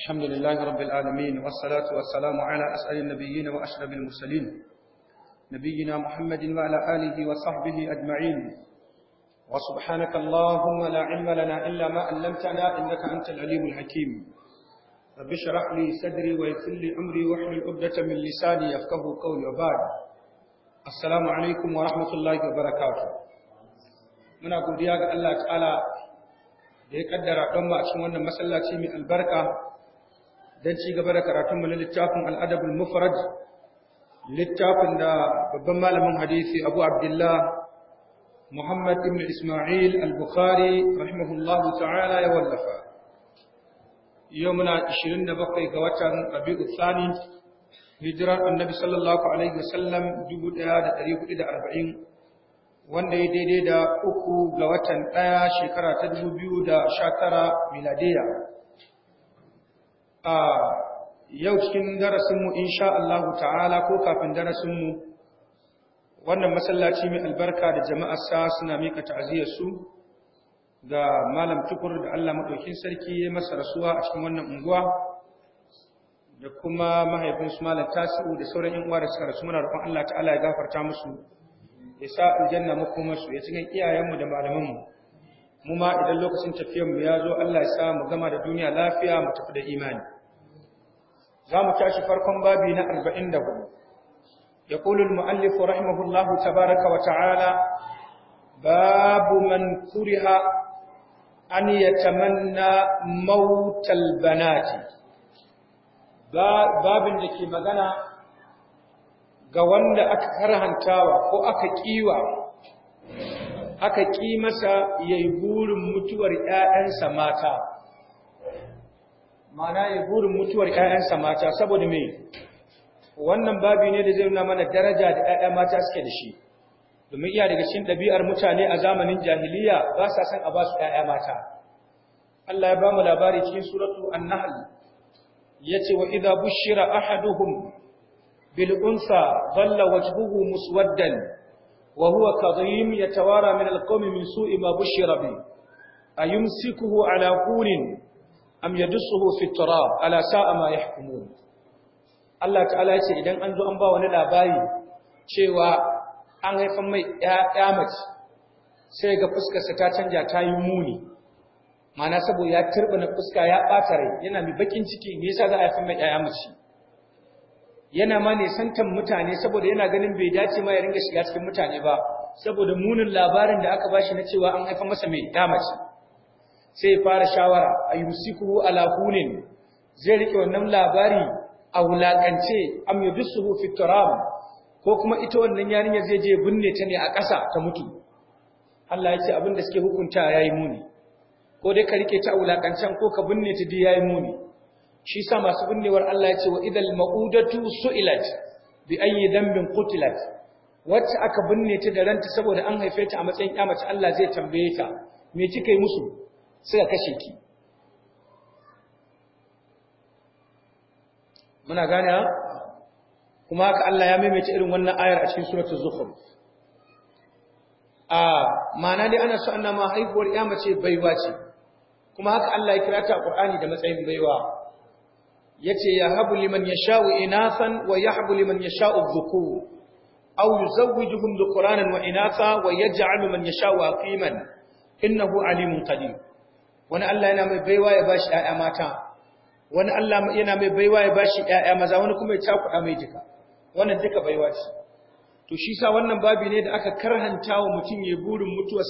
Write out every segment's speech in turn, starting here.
الحمد لله رب العالمين والصلاة والسلام على أسأل النبيين وأشرف المرسلين نبينا محمد وعلى آله وصحبه أجمعين وسبحانك اللهم لا علم لنا إلا ما علمتنا إنك أنت العليم الحكيم رب اشرح لي صدري ويسر لي أمري واحلل عقدة من لساني يفقه قولي وبعد السلام عليكم ورحمة الله وبركاته muna godiya ga Allah ta'ala da ya kaddara don ma a cikin wannan masallaci mai albarka don ci gaba da karatunmu na littafin al'adabul mufaraj littafin da babban malamin hadisi abu abdullah muhammad ibn ismail al-bukhari rahimahullahu ta'ala ya wallafa yau muna 27 ga watan rabi'u tsani hijirar annabi sallallahu alaihi wasallam 1440 wanda ya daidai da uku ga watan ɗaya shekara ta 2019 miladiya a yau cikin darasinmu insha Allah ta'ala ko kafin darasinmu wannan masallaci mai albarka da jama'a sa suna mika su ga malam tukur da Allah maɗaukin sarki ya masa rasuwa a cikin wannan unguwa da kuma mahaifinsu malam tasiru da sauran yan uwa da suka rasu muna roƙon Allah ta'ala ya gafarta musu ya sa aljanna makomarsu ya cikin iyayenmu da malamanmu mu ma idan lokacin tafiyar mu ya zo Allah ya sa mu gama da duniya lafiya mu tafi da imani za mu tashi farkon babi na 44 يقول المؤلف رحمه الله تبارك وتعالى باب من كره أن يتمنى موت البنات باب ke مغنى ga wanda aka karhantawa ko aka kiwa aka ƙi masa ya yi burin mutuwar ‘ya'yansa mata, mana ya burin mutuwar ‘ya'yansa mata saboda mai wannan babi ne da zai nuna mana daraja da ‘ya'ya mata suke da shi, domin iya daga cikin ɗabi'ar mutane a zamanin jahiliya ba sa san a ba su ‘ya'ya mata. Allah ya ba mu labari cikin suratu an Ya ce wa idza bushira ahaduhum bil unsa dhalla wajhuhu muswaddan وهو كظيم يتوارى من القوم من سوء ما بشر به أيمسكه على قول أم يدسه في التراب على ساء ما يحكمون Allah ta'ala ya ce idan an zo an ba wani labari cewa an haifan mai ya mace sai ga fuskarsa ta canja ta yi muni mana saboda ya turbina fuska ya ɓata rai yana mai bakin ciki me yasa za a haifan mai ya mace yana ma santan mutane saboda yana ganin bai dace ma ya ringa shiga cikin mutane ba saboda munin labarin da aka bashi na cewa an haifa masa mai damace sai fara shawara ayumsikuhu ala hunin zai rike wannan labari a wulakance am yudsuhu fi turab ko kuma ita wannan yarinya zai je binne ta ne a ƙasa ta mutu Allah ya ce abin da suke hukunta yayi muni ko dai ka rike ta a wulakancan ko ka binne ta dai yayi muni shi sa masu binnewar Allah ya ce wa idal ma'udatu su'ilat bi ayyi dambin qutilat wacce aka binne ta da ranta saboda an haife ta a matsayin mace Allah zai tambaye ta me kika yi musu suka kashe ki muna gane kuma haka Allah ya maimaita irin wannan ayar a cikin suratul zukhruf a ma'ana dai ana so annama haihuwar mace baiwa ce kuma haka Allah ya kira ta a Qur'ani da matsayin baiwa yace ya habu liman sha'u inasan wa yahbu liman yasha'u dhukur aw yuzawwijuhum dhukranan wa inasa wa yaj'alu man yasha'u aqiman innahu alimun qadir wani Allah yana mai baiwa ya bashi ƴaƴa mata wani Allah yana mai baiwa ya bashi ƴaƴa maza wani kuma ya cakuɗa mai duka wannan duka baiwa ce to shi sa wannan babi ne da aka karhanta wa mutum ya burin mutuwar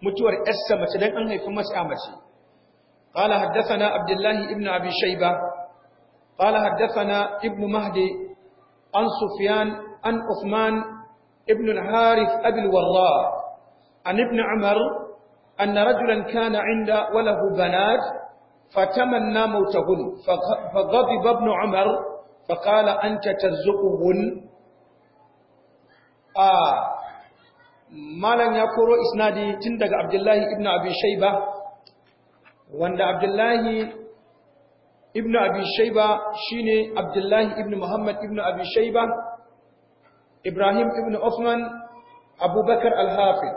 mutuwar ƴarsa mace dan an haifi masa mace قال حدثنا عبد الله ابن ابي شيبه قال حدثنا ابن مهدي عن سفيان عن عثمان ابن الحارث أبي الوراء عن ابن عمر أن رجلا كان عند وله بنات فتمنى موتهن فغضب ابن عمر فقال أنت ترزقهن آه malam ya koro isnadi tun daga abdullahi ibn abi shaiba wanda abdullahi ibn abi shayba shine abdullahi ibn muhammad ibn abi ibrahim ibn usman abubakar al-hafiz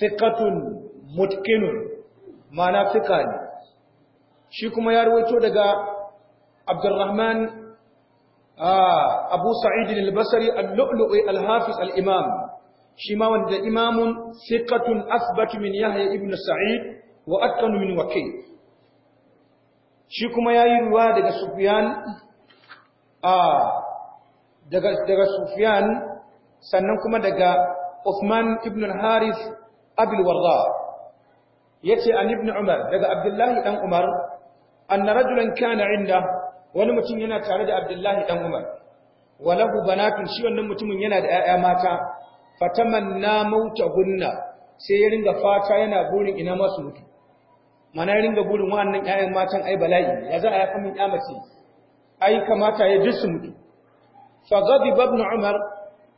thiqatun ma'ana thiqa ne shi kuma ya rawaito daga abdurrahman ah, abu sa'id al-basri al-lu'lu'i al-hafiz imam shi ma wanda imamun thiqatun asbatu min yahya ibn sa'id wa atqanu min waqi' shi kuma ya yi ruwa daga sufiyan a daga sufiyan sannan kuma daga Uthman ibn al-Haris Abul Warda yace an ibn Umar daga Abdullahi dan Umar anna rajulan kana inda wani mutum yana tare da Abdullahi dan Umar walahu banatun shi wannan mutumin yana da 'ya'ya mata fatamanna mautahunna sai ya ringa fata yana burin ina masu mutu mana ya ringa burin wa'annan ƴaƴan matan ai bala'i ya za a yafa min ai kamata ya ji su mutu fa ghadiba ibn umar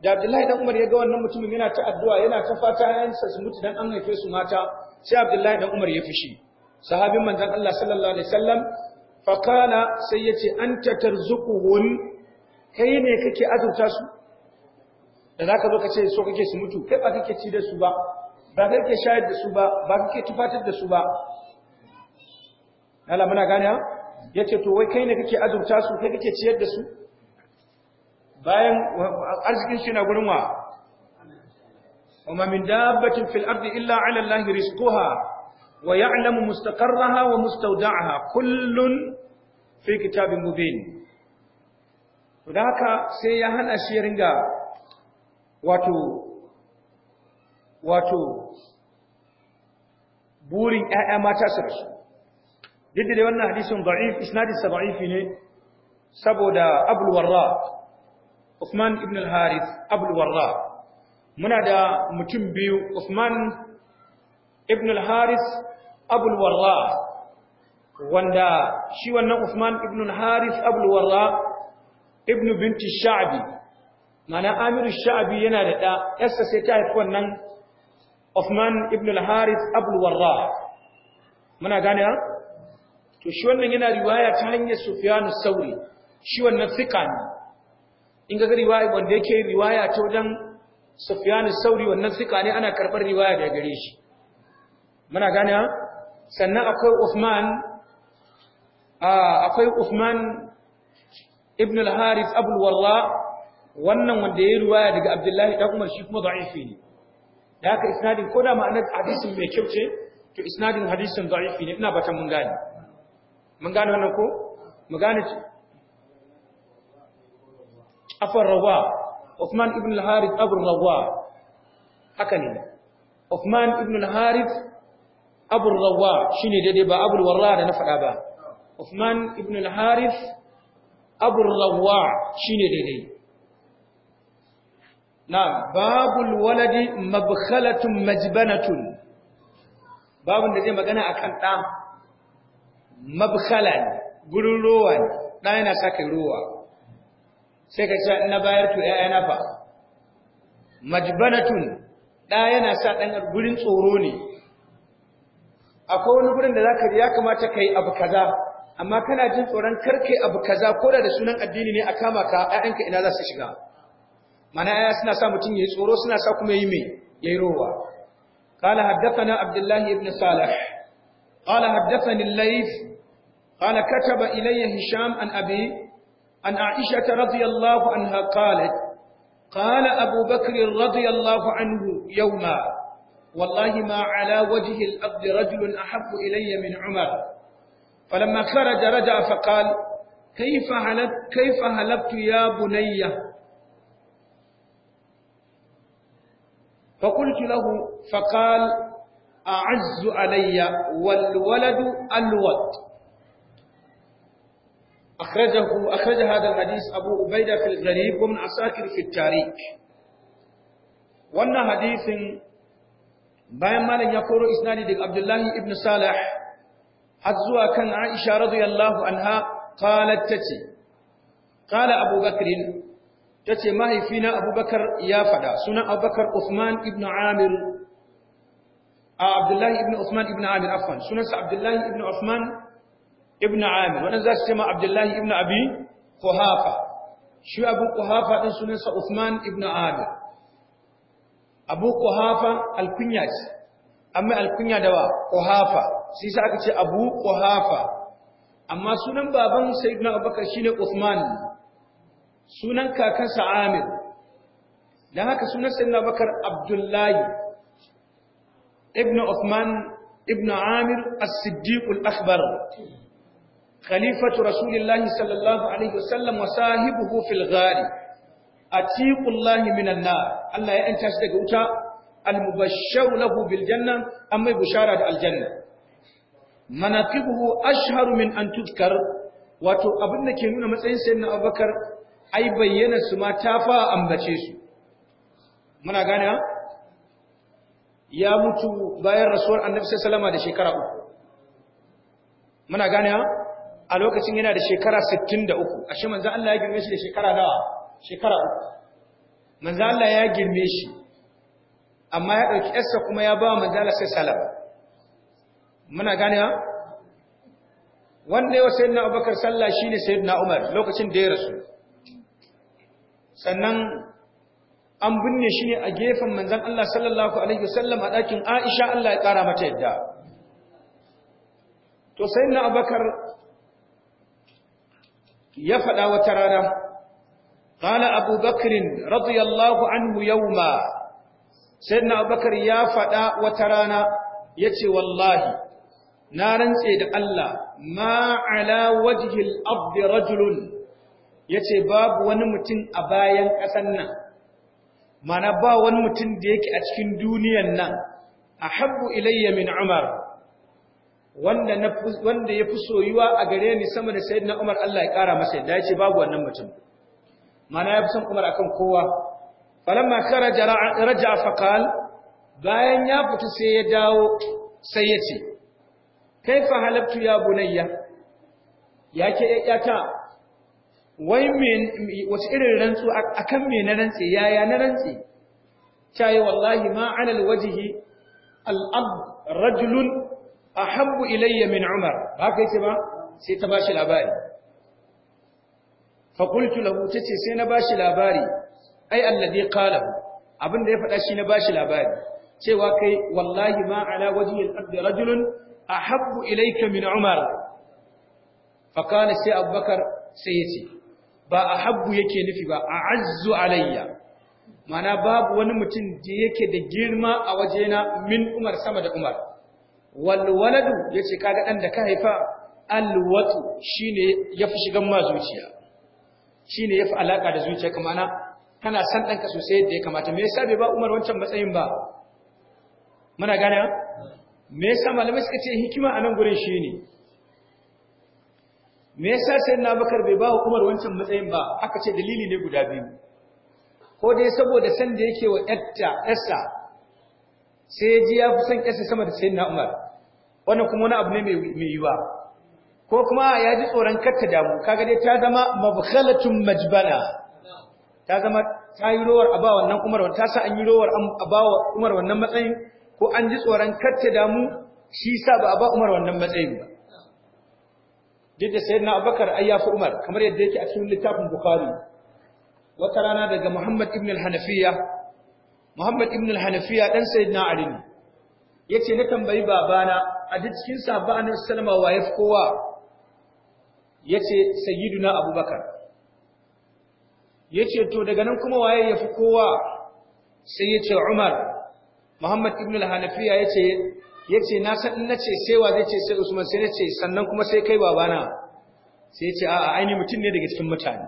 da abdullahi dan umar ya ga wannan mutumin yana ta addu'a yana ta fata ƴaƴansa su mutu dan an haife su mata sai abdullahi dan umar ya fushi sahabin manzon Allah sallallahu alaihi wasallam fa kana sai yace anta tarzuquhun kai ne kake azurta su da zaka zo ka ce so kake su mutu kai ba kake ci da su ba ba kake shayar da su ba ba kake tufatar da su ba Allah muna gane ha yace to wai kai ne kake azurta su kai kake ciyar da su bayan arzikin shi na gurin wa amma min dabbatin fil ardi illa ala allah wa ya'lamu mustaqarraha wa mustawda'aha kullun fi kitabin mubin Daka sai ya hana shi ya ringa wato wato burin ‘ya’ya mata su rasu. duk da wannan hadisin da'if isnadin sa da'ifi ne saboda abul warraq Uthman ibn al-Harith abul warraq muna da mutum biyu Uthman ibn al-Harith abul warraq wanda shi wannan Uthman ibn al-Harith abul warraq ibn binti Sha'bi mana Amir Sha'bi yana da da yarsa sai ta haifi wannan Uthman ibn al-Harith abul warraq muna gane ha to shi wannan yana riwaya ta hanyar Sufyanu Sauri shi wannan fika ne in ga riwaya wanda yake riwaya ta wajen Sufyanu Sauri wannan fika ne ana karbar riwaya daga gare shi muna gane sannan akwai Uthman akwai Uthman ibn al-Harith Abu al-Walla wannan wanda yayi riwaya daga Abdullahi dan Umar shi kuma da'ifi ne da haka isnadin da ma'anar hadisin mai kyau ce to isnadin hadisin da'ifi ne ina bata mun gane من قال لك ما قالت أفا الرواء عثمان ابن الهارث أبو الرواء أكن الله عثمان ابن الهارث أبو الرواء شنو جدي با أبو الوراء نفر أبا عثمان ابن الهارث أبو الرواء شنو جدي نعم باب الولد مبخلة مجبنة باب الذي مقنع أكن تام mabkhala ne gurin ruwa ne ɗa yana saka ruwa sai ka ce na bayar to ‘ya'ya na fa majbanatun ɗa yana sa ɗan gurin tsoro ne akwai wani gurin da za ka ya kamata ka yi abu kaza amma kana jin tsoron karkai abu kaza ko da da sunan addini ne a kama ka ‘ya'yanka ina za su shiga mana ‘ya'ya suna sa mutum yayi tsoro suna sa kuma yi mai ya yi rowa قال حدثنا عبد الله بن صالح قال حدثني الليث قال كتب إلي هشام عن أبي عن عائشة رضي الله عنها قالت قال أبو بكر رضي الله عنه يوما والله ما على وجه الأرض رجل أحب إلي من عمر فلما خرج رجع فقال كيف هلبت, كيف هلبت يا بني فقلت له فقال a'azzu alayya wal waladu alwat akhrajahu akhraj hadha alhadith abu ubaida fil gharib wa min asakir fi tarikh wannan hadisin bayan malam ya koro isnadi daga abdullahi ibn salah har zuwa kan aisha radiyallahu anha qalat tace qala abu bakrin tace mahaifina abubakar ya faɗa sunan abubakar usman ibnu amir Abdullahi ibn Usman ibn Amir afwan sunansa Abdullahi ibn Usman ibn Amir wannan za su ce ma Abdullahi ibn Abi Quhafa shi Abu Quhafa din sunansa Usman ibn Amir Abu Quhafa al ce amma alkunya da wa Quhafa sai sa aka ce Abu Quhafa amma sunan baban Sayyidina Abubakar shine Usman sunan kakansa Amir dan haka sunan Sayyidina Abubakar Abdullahi ibn Uthman ibn Amir as-Siddiq al khalifatu Rasulillahi sallallahu alaihi wasallam wa sahibuhu fil ghari atiqullahi minan nar Allah ya yanta shi daga wuta al-mubashsharu lahu bil janna amma bushara da aljanna manaqibuhu ashharu min an tudkar wato abin da ke nuna matsayin sayyidina Abubakar ai bayyana su ma ta fa ambace su muna gane ya mutu bayan rasuwar annabi salama da shekara uku muna gane a lokacin yana da shekara 63 ashe manzo Allah ya girme shi da shekara nawa shekara uku manzo Allah ya girme shi amma ya dauki yarsa kuma ya ba manzo Allah salama muna gane ha wanda ya wasu na abubakar sallah shi ne sayyidina umar lokacin da ya rasu sannan an binne shi ne a gefen manzan Allah sallallahu Alaihi wasallam a ɗakin Aisha Allah ya ƙara mata yadda. To sai na ya faɗa wata rana, ƙala Abu Bakrin radiyallahu anhu yawma sai na ya faɗa wata rana ya ce wallahi, na rantse da Allah ma ala wajihil abdi ya ce babu wani mutum a bayan ƙasar nan. mana ba wani mutum da yake a cikin duniyan nan ahabbu ilayya min umar wanda wanda yafi soyuwa a gare ni sama da sayyidina umar Allah ya kara masa yadda yace babu wannan mutum mana yafi son umar akan kowa falamma kharaja raja fa bayan ya fita sai ya dawo sai ya ce kaifa halabtu ya bunayya yake yake wai wace irin rantsu akan me na rantsi yaya na rantsi ta yi wallahi ma ala alwajihi al'ab a ahabbu ilayya min umar ba ka yake ba sai ta ba shi labari fa qultu lahu ce sai na ba shi labari ai alladhi qala abin da ya faɗa shi na ba shi labari cewa kai wallahi ma ala wajhi al-ardi a habbu ilayka min umar fa kana sai abubakar sai ya yace ba a habbu yake nufi ba a Azu alayya mana babu wani mutum da yake da girma a wajena min umar sama da umar walwaladu ya ce kaga ɗan da ka haifa al shi ne ya fi shigan ma zuciya shi ne ya fi alaƙa da zuciya kamana kana san ɗanka sosai yadda ya kamata me yasa bai ba umar wancan matsayin ba muna gane me yasa malamai suka ce hikima a nan gurin shi ne me yasa na bakar bai ba Umar wancan matsayin ba aka ce dalili ne guda biyu ko dai saboda san da yake wa yatta yasa sai ji ya fi son yassa sama da sayyidina Umar wannan kuma wani abu ne mai yiwa ko kuma ya ji tsoron katta damu kaga dai ta zama mabkhalatun majbana ta zama ta yi rowar a ba wannan Umar ta sa an yi rowar a ba Umar wannan matsayin ko an ji tsoron katta damu shi sa ba a ba Umar wannan matsayin ba duk da sayyidina abubakar ai fi umar kamar yadda yake a cikin littafin bukhari wata rana daga muhammad ibn al-hanafiya muhammad ibn al-hanafiya dan sayyidina ali ne yace na tambayi babana a duk cikin sahabba annabi sallama wa yafi kowa yace sayyiduna abubakar yace to daga nan kuma waye yafi kowa sai yace umar muhammad ibn al-hanafiya yace Ya ce na san na ce sai wa zai ce sai Usman sai na ce sannan kuma sai kai babana sai ya ce a'a aini mutum ne daga cikin mutane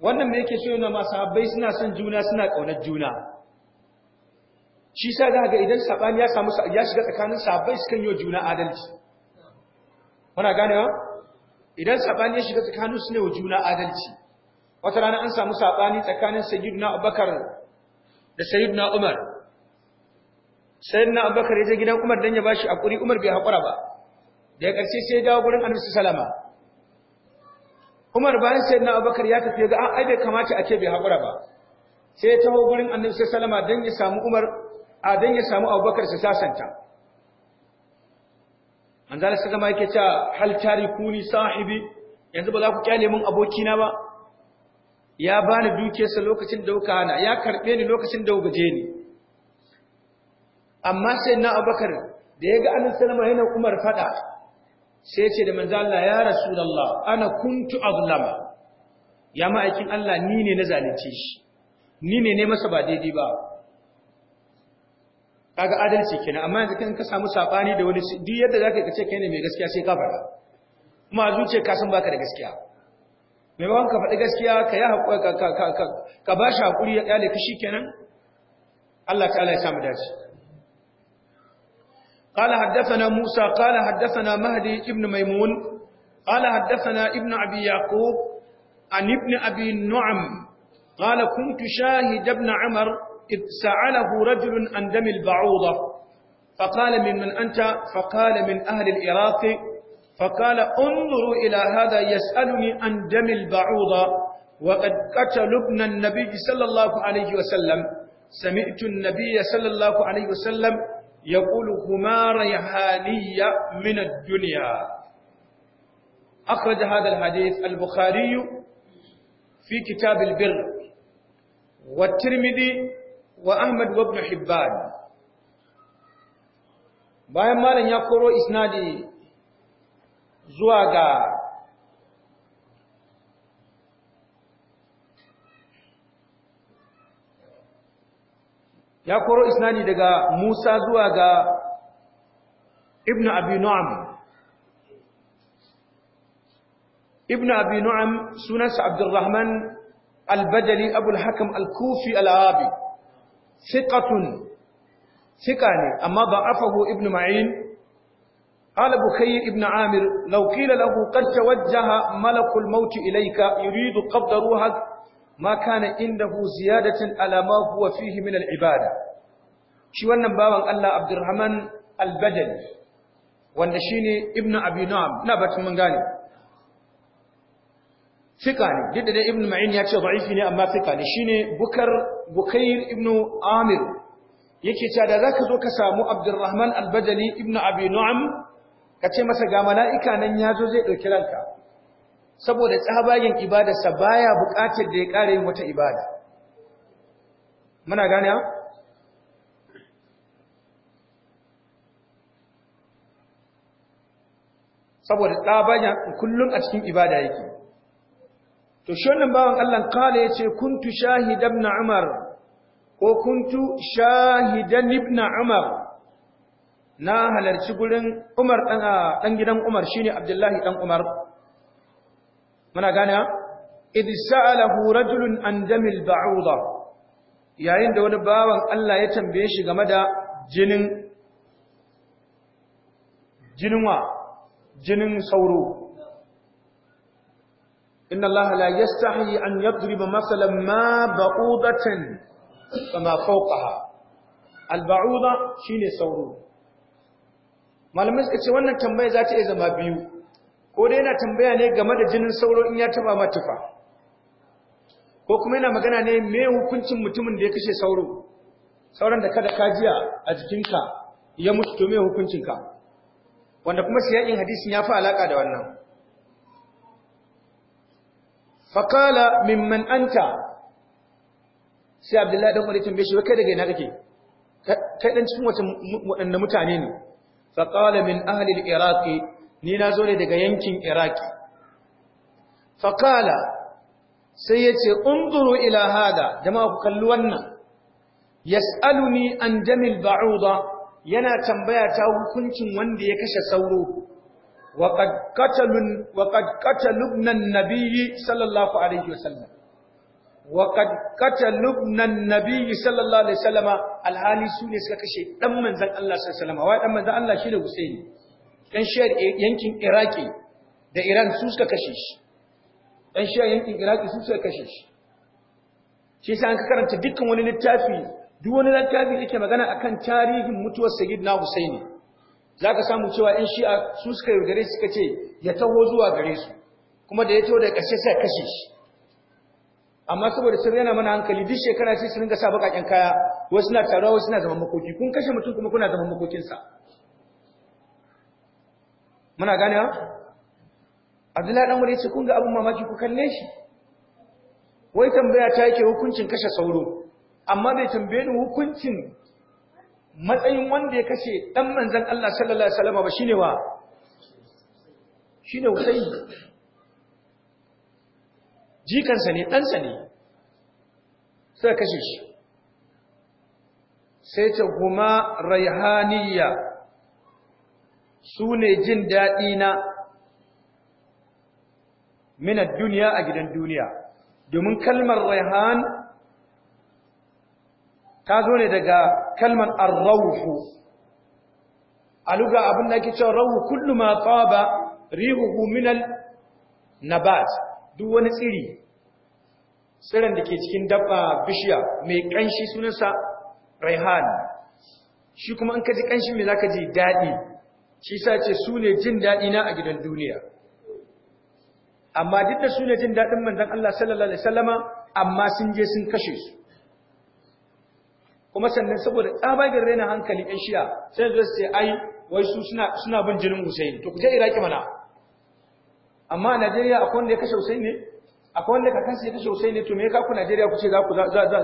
wannan me yake cewa ma sahabbai suna son juna suna kaunar juna shi sa za ga idan sabani ya samu ya shiga tsakanin sahabbai kan yi juna adalci kuna wa. idan sabani ya shiga tsakanin su ne wa juna adalci wata rana an samu sabani tsakanin sayyidina Abubakar da na Umar na abubakar ya je gidan umar dan ya bashi ƙuri umar bai haƙura ba da ya ƙarshe sai ya dawo gurin annabi Salama. umar bayan na abubakar ya tafi ga ah, ai bai kamata a ke bai haƙura ba sai ya taho gurin annabi salama dan ya samu umar a don ya samu abubakar su sasanta su gama yake cewa hal tarikuni sahibi yanzu ba za ku kyale min abokina ba ya bani dukiyarsa lokacin da kuka hana ya karɓe ni lokacin da kuka je ni amma sai na abubakar da ya ga annabi sallama yana umar fada sai ce da manzo Allah ya rasulullah ana kuntu azlama ya ma'aikin Allah ni ne na zalunce shi ni ne ne masa ba daidai ba kaga adalci kenan amma yanzu kan ka samu sabani da wani duk yadda zaka ka ce kai ne mai gaskiya sai ka fada kuma zuce ka san baka da gaskiya mai ba ka faɗi gaskiya ka yi haƙuri ka ba shi haƙuri ya ƙyale ka shi kenan Allah ta'ala ya samu dace قال حدثنا موسى قال حدثنا مهدي ابن ميمون قال حدثنا ابن أبي يعقوب عن ابن أبي النعم قال كنت شاهد ابن عمر إذ سأله رجل عن دم البعوضة فقال من من أنت فقال من أهل العراق فقال انظروا إلى هذا يسألني عن دم البعوضة وقد قتل ابن النبي صلى الله عليه وسلم سمعت النبي صلى الله عليه وسلم ya ƙulu kuma raihaniya minar duniya. Akwai jihar al-Hadis al-Bukhari yi fi kita bilbir, wa Tirmidhi wa Ahmad Wabna Hibbal. Bayan malam ya koro isnadi zuwa ga ya koro isnadi daga Musa zuwa ga Ibn Abi Nu'am Ibn Abi Nu'am sunansa Abdurrahman Al-Badali Abu al-Hakam Al-Kufi Al-Arabi thiqatun thiqa ne amma da'afahu Ibn Ma'in قال بخير ابن عامر لو قيل له قد توجه ملك الموت إليك يريد قبض روحك ma kana indahu ziyadatin ala ma huwa fihi min al-ibada shi wannan baban Allah Abdurrahman al badani wanda shine ibnu Abi Nu'am na batun mun gane fika ne duk da ibnu Ma'in ya ce da'ifi ne amma fika ne shine Bukar Bukair ibnu Amir yake cewa da zaka zo ka samu Abdurrahman al-Badali ibnu Abi Nu'am ka ce masa ga mala'ika nan ya zo zai dauki ranka saboda tsabagen ibadarsa baya buƙatar da ya ƙare yin wata ibada muna gane ha saboda tsabagen kullum a cikin ibada yake to shi wannan bawan Allah kala yace kuntu shahidan ibn Umar ko kuntu shahidan ibn Umar na halarci gurin Umar dan gidan Umar shine Abdullahi dan Umar muna gane idh sa'alahu rajulun an damil ba'uda yayin da wani bawan Allah ya tambaye shi game da jinin jininwa jinin sauro inna Allah la yastahi an yadriba masalan ma ba'udatan kama fawqaha al-ba'uda shine sauro Malamin suka ce wannan tambaya za ta iya zama biyu ko dai yana tambaya ne game da jinin sauro in ya taba ma tufa ko kuma yana magana ne me hukuncin mutumin da ya kashe sauro sauran da kada ka jiya a jikinka ya mutu to me hukuncinka wanda kuma siyakin hadisin ya fi alaka da wannan faqala mimman anta sai abdullahi dan wani tambaye shi kai daga ina kake kai dan cikin wadannan mutane ne faqala min ahli al-iraqi ni na zo ne daga yankin iraki faƙala sai ya ce unzuru ila da jama'a ku kalli wannan yas'aluni an jamil ba'uda yana tambaya ta hukuncin wanda ya kashe sauro wa qad qatalun sallallahu alaihi wasallam wa qad qatalubna an-nabiy sallallahu alaihi wasallam alhali su ne suka kashe ɗan manzan Allah sallallahu alaihi wasallam wai dan manzon Allah shine Husaini ɗan shiyar yankin iraki da iran su suka kashe shi ɗan shiyar yankin iraki su suka kashe shi shi sai an ka karanta dukkan wani littafi duk wani littafi da ke magana akan tarihin mutuwar na husaini za ka samu cewa shi shi'a su suka yaudare suka ce ya taho zuwa gare su kuma da ya taho da ƙarshe sai kashe shi amma saboda sai yana mana hankali duk shekara sai su ringa sa baƙaƙen kaya wasu na taruwa wasu na zaman makoki kun kashe mutum kuma kuna zaman makokinsa muna gane abdullahi dan wuri ce kun ga abin mamaki ku kalle shi wai tambaya ta yake hukuncin kashe sauro amma bai tambaye ni hukuncin matsayin wanda ya kashe dan manzon Allah sallallahu alaihi wasallam ba shine wa shine Husayn jikansa ne ɗansa ne sai kashe shi sai ta guma raihaniya su ne jin daɗi na minar duniya a gidan duniya domin kalmar raihan ta zo ne daga kalmar arrauhu a luga abin da ake cewa rauhu kullum ma tsaba rihuhu minal nabat duk wani tsiri tsirin da ke cikin dabba bishiya mai ƙanshi sunansa raihan shi kuma in ka ji ƙanshi mai za ka ji daɗi shi sa ce su ne jin daɗi na a gidan duniya amma duk da su ne jin daɗin manzon Allah sallallahu alaihi wasallama amma sun je sun kashe su kuma sannan saboda tsabagen raina hankali ƴan shi'a sai su ce ai wai su suna suna bin jinin Hussein to ku je Iraki mana amma a Najeriya akwai wanda ya kashe Hussein ne akwai wanda kakansa ya kashe Hussein ne to me ya kaku Najeriya ku ce za ku za za za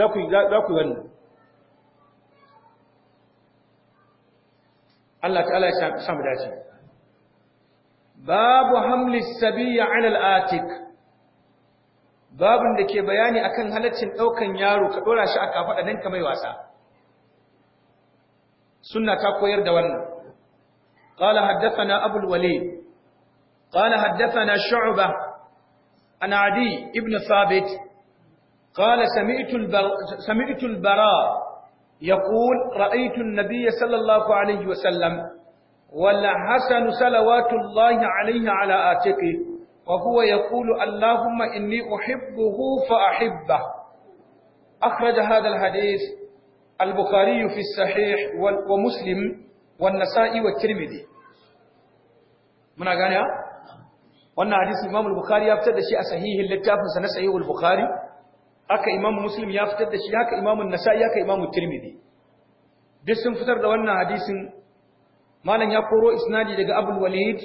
za ku za ku wannan Allah ta'ala ya samu dace babu hamli sabiyya ala al-atik babun da ke bayani akan halaccin daukan yaro ka dora shi a kafada nan kamar wasa sunna ta koyar da wannan قال حدثنا na الوليد قال حدثنا شعبة عن عدي ابن Ibn قال سمعت, البر... سمعت bara. يقول رأيت النبي صلى الله عليه وسلم والحسن صلوات الله عليه على آتقه وهو يقول اللهم إني أحبه فأحبه أخرج هذا الحديث البخاري في الصحيح ومسلم والنسائي والترمذي من أغانيها؟ wannan hadisi Imam al-Bukhari ya fitar da shi a sahihin littafinsa na Sahih al-Bukhari haka imamu muslim ya fitar da shi haka imamu nasa'i haka imamu tirmidhi duk sun fitar da wannan hadisin malam ya koro isnadi daga abul walid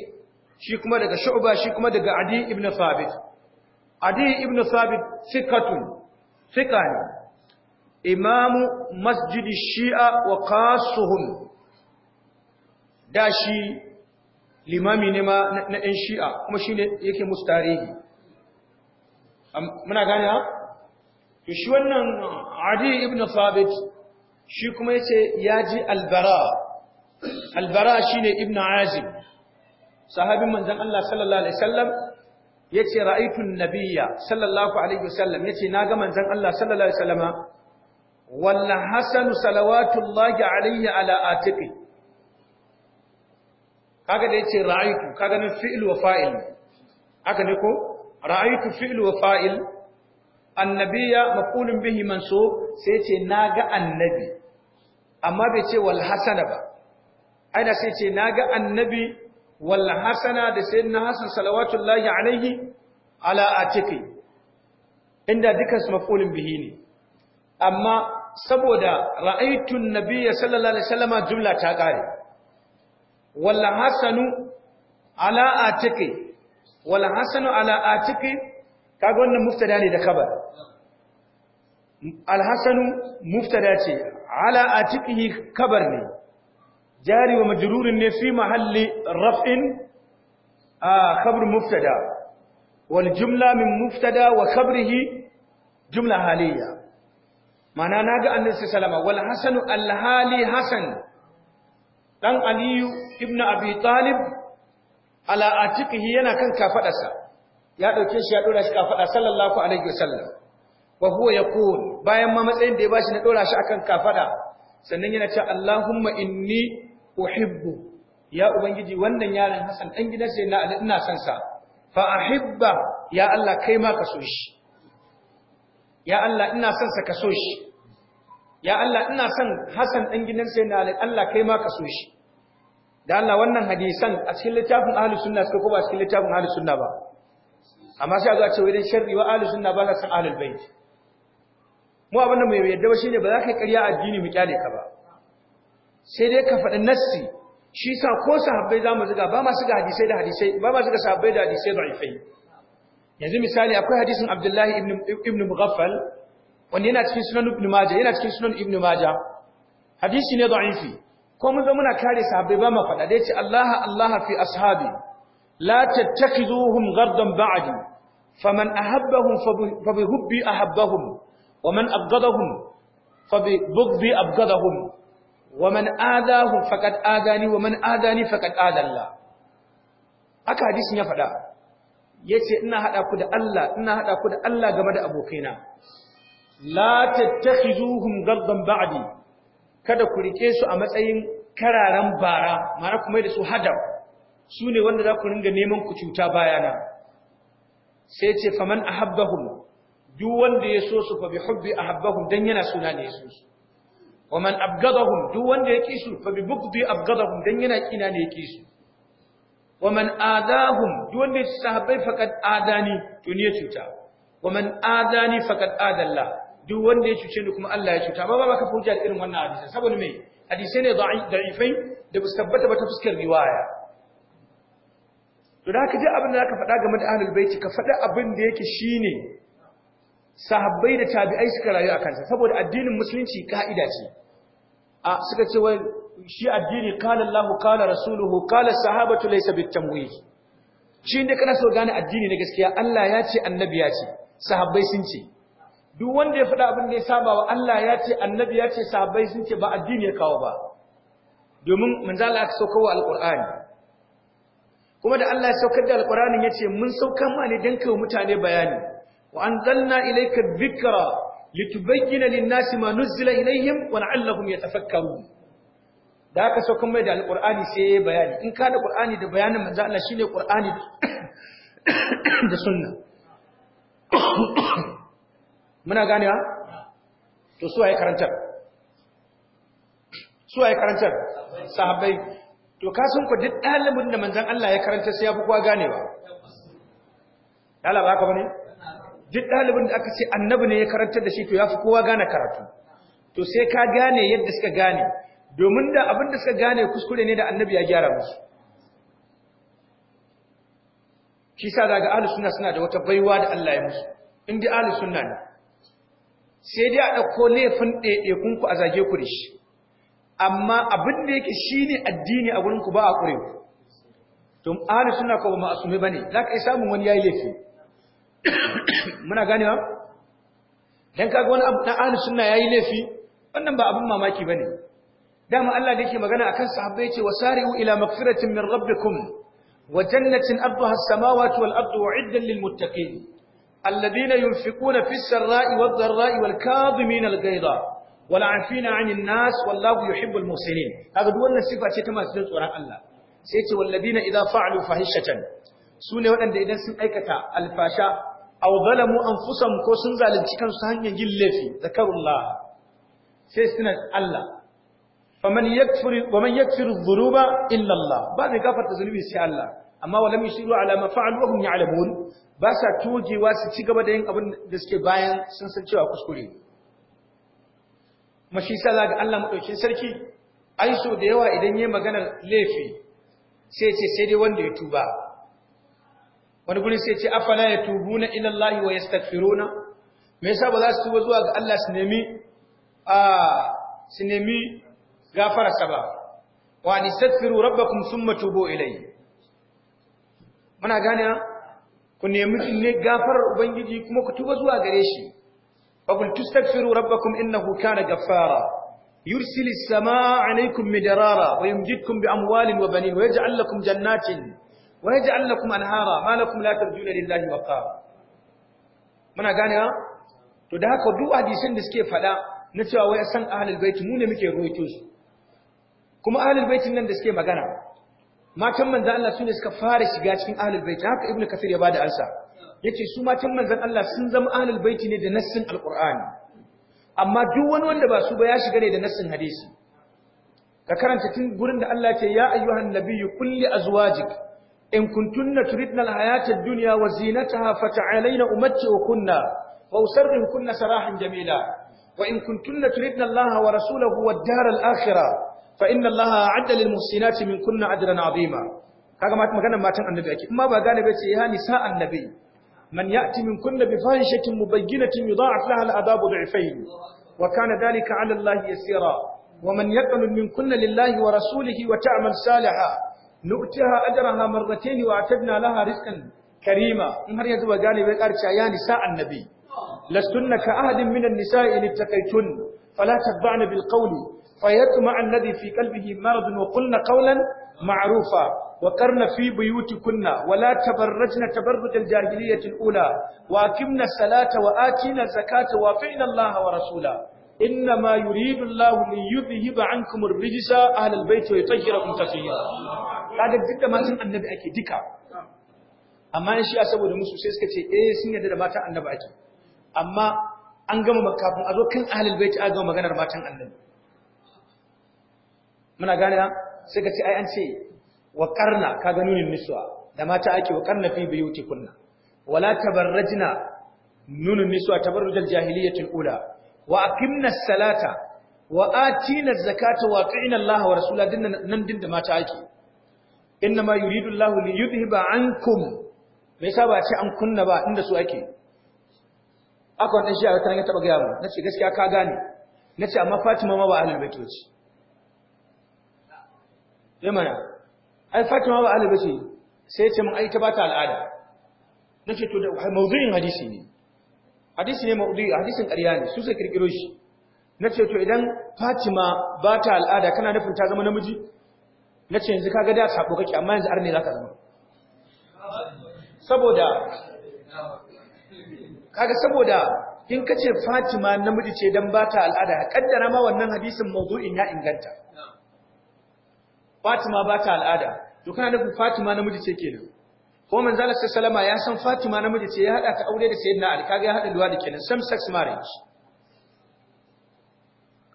shi kuma daga shu'ba shi kuma daga adi ibn thabit adi ibn thabit thiqatun thiqani imamu masjidi shi'a wa qasuhum da shi limami ne ma na ɗan shi'a kuma shi ne yake musu tarihi muna gane ha to shi wannan adi ibn sabit shi kuma yace ya ji albara albara shine ibn azib sahabin manzon Allah sallallahu alaihi wasallam yace ra'aytu an-nabiyya sallallahu alaihi wasallam yace naga manzon Allah sallallahu alaihi wasallama walla hasanu salawatullahi alaihi ala atiqi kaga da yace ra'aytu kaga nan fi'il wa fa'il haka ne ko ra'aytu fi'il wa fa'il annabiya maqulun bihi mansub sai ce naga annabi amma bai ce wal hasana ba aina sai ce naga annabi wal hasana da sayyidina hasan salawatullahi alaihi ala atiqi inda dukan su maqulun bihi ne amma saboda ra'aitun annabiyya sallallahu alaihi wasallama jumla ta kare wal hasanu ala atiqi wal hasanu ala atiqi kaga wannan muftada ne da khabar alhasanu muftada ce ala atiqihi khabar ne jari wa majrurin ne fi mahalli raf'in a khabar muftada wal jumla min muftada wa khabrihi jumla haliyya mana naga annabi sallama wal hasanu al hali hasan dan aliyu ibnu abi talib ala atiqihi yana kan kafadarsa ya dauke shi ya dora shi kafada sallallahu alaihi wasallam wa huwa yaqul bayan ma matsayin da ya bashi na dora shi akan kafada sannan yana cewa Allahumma inni uhibbu ya ubangiji wannan yaron Hassan dan gidan sai na ina san sa fa ahibba ya Allah kai ma ka so shi ya Allah ina san sa ka so shi ya Allah ina son Hassan dan gidan sai na Allah kai ma ka so shi da Allah wannan hadisan a cikin littafin ahlus sunna suka ko ba cikin littafin ahlus sunna ba amma sai ga cewa idan sharri wa ahlus sunna ba sa san ahlul bait mu abinda mai yadda ba shine ba za ka ƙarya addini mu kyale ka ba sai dai ka faɗi nassi shi sa ko sahabbai zamu zuga ba ma zuga hadisai da hadisai ba ma zuga sahabbai da hadisai da'ifai yanzu misali akwai hadisin Abdullahi ibn ibn Mughaffal wanda yana cikin sunan Ibn Majah yana cikin sunan Ibn Majah hadisi ne da'ifi ko mun zo muna kare sahabbai ba ma faɗa dai ce Allah Allah fi ashabi la tattakhiduhum ghardan ba'di faman ahabbahum fa bi hubbi ahabbahum wa man abghadahum fa bi bughdi abghadahum wa man adahum faqad adani wa man adani faqad adalla haka hadisin ya faɗa yace ina hada ku da Allah ina hada ku da Allah game da abokaina la tattakhizuhum gaddan ba'di kada ku rike su a matsayin kararan bara mara kuma da su hadar su ne wanda za ku ringa neman ku cuta bayana sai ce faman ahabbahum duk wanda ya so su fa bi hubbi ahabbahum dan yana suna ne ya so su waman abgadahum duk wanda ya kisu fa bi bugdi abgadahum dan yana kina ne ya kisu waman adahum duk wanda ya sahabbai faqad adani to ne ya cuta waman adani faqad adalla duk wanda ya cuce ni kuma Allah ya cuta ba ba ka fuja irin wannan hadisi saboda me hadisi ne da'ifai da ba tabbata ba ta fuskar riwaya to da ka ji abin da zaka faɗa game da ahlul baiti ka faɗa abin da yake shine sahabbai da tabi'ai suka rayu a kansa saboda addinin musulunci ka'ida ce a suka ce wai shi addini qala Allahu qala rasuluhu qala sahabatu laysa bitamwih shi inda kana so gane addini na gaskiya Allah ya ce annabi ya ce sahabbai sun ce duk wanda ya faɗa abin da ya saba wa Allah ya ce annabi ya ce sahabbai sun ce ba addini ya kawo ba domin manzo Allah aka sauko wa alqur'ani kuma da Allah ya saukar da ya yace mun saukar ma ne dan kai mutane bayani wa anzalna ilayka dhikra litubayyana lin-nasi ma nuzila ilayhim wa la'allahum yatafakkarun da aka saukar mai da Alƙur'ani sai bayani in ka da qur'ani da bayanin manzo Allah shine qur'ani da sunna muna ganewa to su waye karantar su waye karantar sahabbai to ka sun ku duk dalibin da manzon Allah ya karanta sai ya fi kowa ganewa ba ka bane duk dalibin da aka ce annabi ne ya karanta da shi to ya fi kowa gane karatu to sai ka gane yadda suka gane domin da abin da suka gane kuskure ne da annabi ya gyara musu shi sa daga ahlus sunna suna da wata baiwa da Allah ya musu in dai ahlus sunna ne sai dai a ɗauko laifin ɗaiɗaikun ku a zage ku da shi amma abin da yake ne addini a gurinku ku ba a kure ku to ahlus sunna ko ba ne. Za ka yi samun wani yayi laifi muna ganewa dan kaga wani abu na ahlus sunna yayi laifi wannan ba abin mamaki bane dama Allah da yake magana akan sahabbai wa sari'u ila magfiratin min rabbikum wa jannatin arduha as-samawati wal ardu u'iddat lil muttaqin alladhina yunfiquna fis-sarra'i wad-dharra'i wal kadhimina al-ghayza wala afina anin nas wallahu yuhibbul muhsinin kaga duk wannan sifa ce ta masu jin tsoron Allah sai ce walladina idza fa'alu fahishatan sune waɗanda idan sun aikata alfasha aw zalamu anfusahum ko sun zalunci kansu ta hanyar yin laifi zakarullah sai suna Allah faman yakfuru waman yakfuru dhunuba illa Allah ba zai gafarta zunubi sai Allah amma walam yushiru ala ma fa'alu wa hum ya'lamun ba sa tojewa su ci gaba da yin abin da suke bayan sun san cewa kuskure Mashi shi ga Allah madaukin sarki ai so da yawa idan yayi maganar laifi sai ce sai dai wanda ya tuba wani gurin sai ce afala yatubuna ila Allah wa yastaghfiruna me yasa ba za su tuba zuwa ga Allah su nemi a su nemi gafararsa ba wa rabba rabbakum thumma tubu ilayhi muna gane ku nemi ne gafarar ubangiji kuma ku tuba zuwa gare shi فقل تستغفروا ربكم إنه كان غفارا يرسل السماء عليكم مدرارا ويمجدكم بأموال وبنين ويجعل لكم جنات ويجعل لكم أنهارا ما لكم لا ترجون لله وقارا muna ganewa to da haka duk hadisan da suke fada na cewa wai san ahlul bait muke roito kuma ahlul nan da suke magana matan manzo Allah sune suka fara shiga cikin ahlul haka ibnu kathir ya bada ansa yace su matan manzon Allah sun zama ahlul baiti ne da nassin alqur'ani amma duk wani wanda ba su ba ya shiga ne da nassin hadisi ka karanta tun gurin da Allah ce ya ayyuhan nabiyyu kulli azwajik in kuntunna turidna alhayata ad-dunya wa zinataha fata'alayna umatti'ukunna wa kunna sarahan jamila wa in kuntunna turidna Allah wa rasulahu wad-dar al-akhirah fa inna Allah a'adda lil muhsinati minkunna ajran 'azima kaga magana matan annabi ake amma ba gane bace ya nisa annabi من يأتي من كل بفاحشة مبينة يضاعف لها العذاب ضعفين وكان ذلك على الله يسيرا ومن يقنل من كل لله ورسوله وتعمل صالحا نؤتها أجرها مرتين وأعتدنا لها رزقا كريما إن هر يزوى جانب الأرشا يا نساء النبي لستن كأهد من النساء إن اتقيتن فلا تتبعن بالقول فيطمع الذي في قلبه مرض وقلن قولا معروفا وقرن في بيوتكن ولا تبرجن تبرج الجاهلية الأولى وأقمنا الصلاة وآتينا الزكاة وأطعنا الله ورسوله إنما يريد الله ليذهب عنكم الرجس أهل البيت ويطهركم تطهيرا هذا ذكر ما سن النبي أكي دكا amma in shi'a saboda musu sai suka ce eh sun yarda da matan annabi ake amma an gama makafin a zo kan ahlul bait a gama maganar matan annabi muna gane ka ce ai an ce wa karna kaga nunin niswa da mata ake wa karna fi kunna wala tabarrajna nunin niswa tabarrujal jahiliyatul ula wa aqimna salata wa atina zakata wa atina Allah wa rasula nan din da mata ake inna ma yuridu Allah li yudhiba ankum me yasa ba ce an kunna ba inda su ake akwai dan shi a tarihin taba ga mu nace gaskiya ka gane nace amma Fatima ma ba ahlul baitoci ya eh mana ai fatima ba alibi ce sai ce mun ai ta bata al'ada nake to da mawdu'in hadisi ne hadisi ne mawdu'i hadisin ƙarya ne su sai kirkiro shi nace to idan fatima ba ta al'ada kana nufin ta zama namiji nace yanzu kaga da sako kake amma yanzu arne zaka zama saboda kaga saboda in kace fatima namiji ce dan ba ta al'ada kaddara ma wannan hadisin mawdu'in ya inganta Fatima ba ta al'ada to kana nufin Fatima namiji ce kenan ko manzo Allah sallama ya san Fatima namiji ce ya hada ta aure da sayyidina Ali kaga ya hada duwa kenan same sex marriage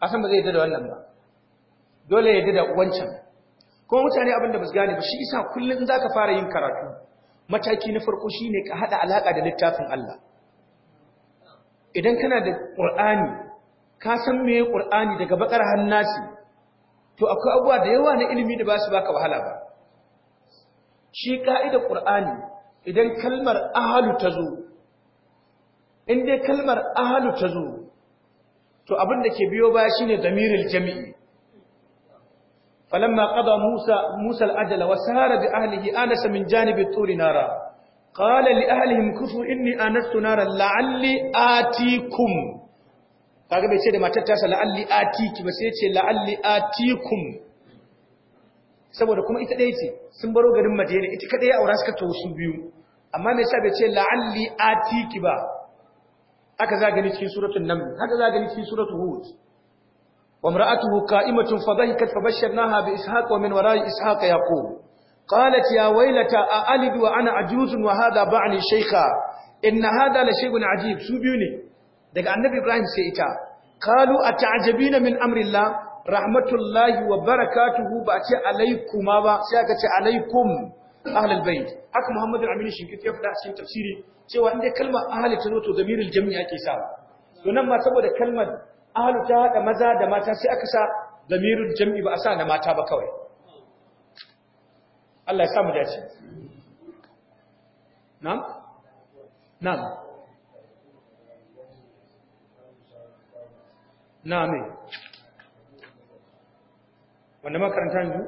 kasan ba zai yarda da wannan ba dole ya yarda da wancan kuma mutane abin da ba gane ba shi isa kullum in zaka fara yin karatu mataki na farko shine ka haɗa alaka da littafin Allah idan kana da Qur'ani ka san meye Qur'ani daga bakar hannasi to akwai abubuwa da yawa na ilimi da ba su baka wahala ba shi ka'idar qur'ani idan kalmar ahalu ta zo in dai kalmar ahalu ta zo to abin da ke biyo baya shine damiril jami'i falamma qada musa musa al-ajala wa sara bi ahlihi anasa min janibi turi nara qala li ahlihim kufu inni anastu naran la'alli atikum kaga bai ce da matar tasa la'alli atiki ba sai ce la'alli atikum saboda kuma ita dai ce sun baro garin madina ita kadai ya aura suka to su biyu amma me yasa bai ce la'alli atiki ba aka za gani cikin suratul naml haka za gani cikin suratul hud wa imra'atuhu qa'imatun fa dhahikat fa basharnaha bi ishaq wa min wara'i ishaq yaqub قالت يا ويلتى أألد وأنا عجوز وهذا بعني شيخا إن la لشيء عجيب su biyu ne daga annabi ibrahim sai ita kalu a na min amrillah rahmatullahi wa barakatuhu ba ce alaikuma ba sai aka ce alaikum ahlul bait aka muhammadu aminu shinkiti ya faɗa cikin tafsiri cewa inda kalmar ahli ta zo to zamirul jami'a ake sa to nan ma saboda kalmar ahlu ta hada maza da mata sai aka sa zamirul jami'i ba a sa na mata ba kawai Allah ya sa dace na'am na'am na mai wanda makaranta yanzu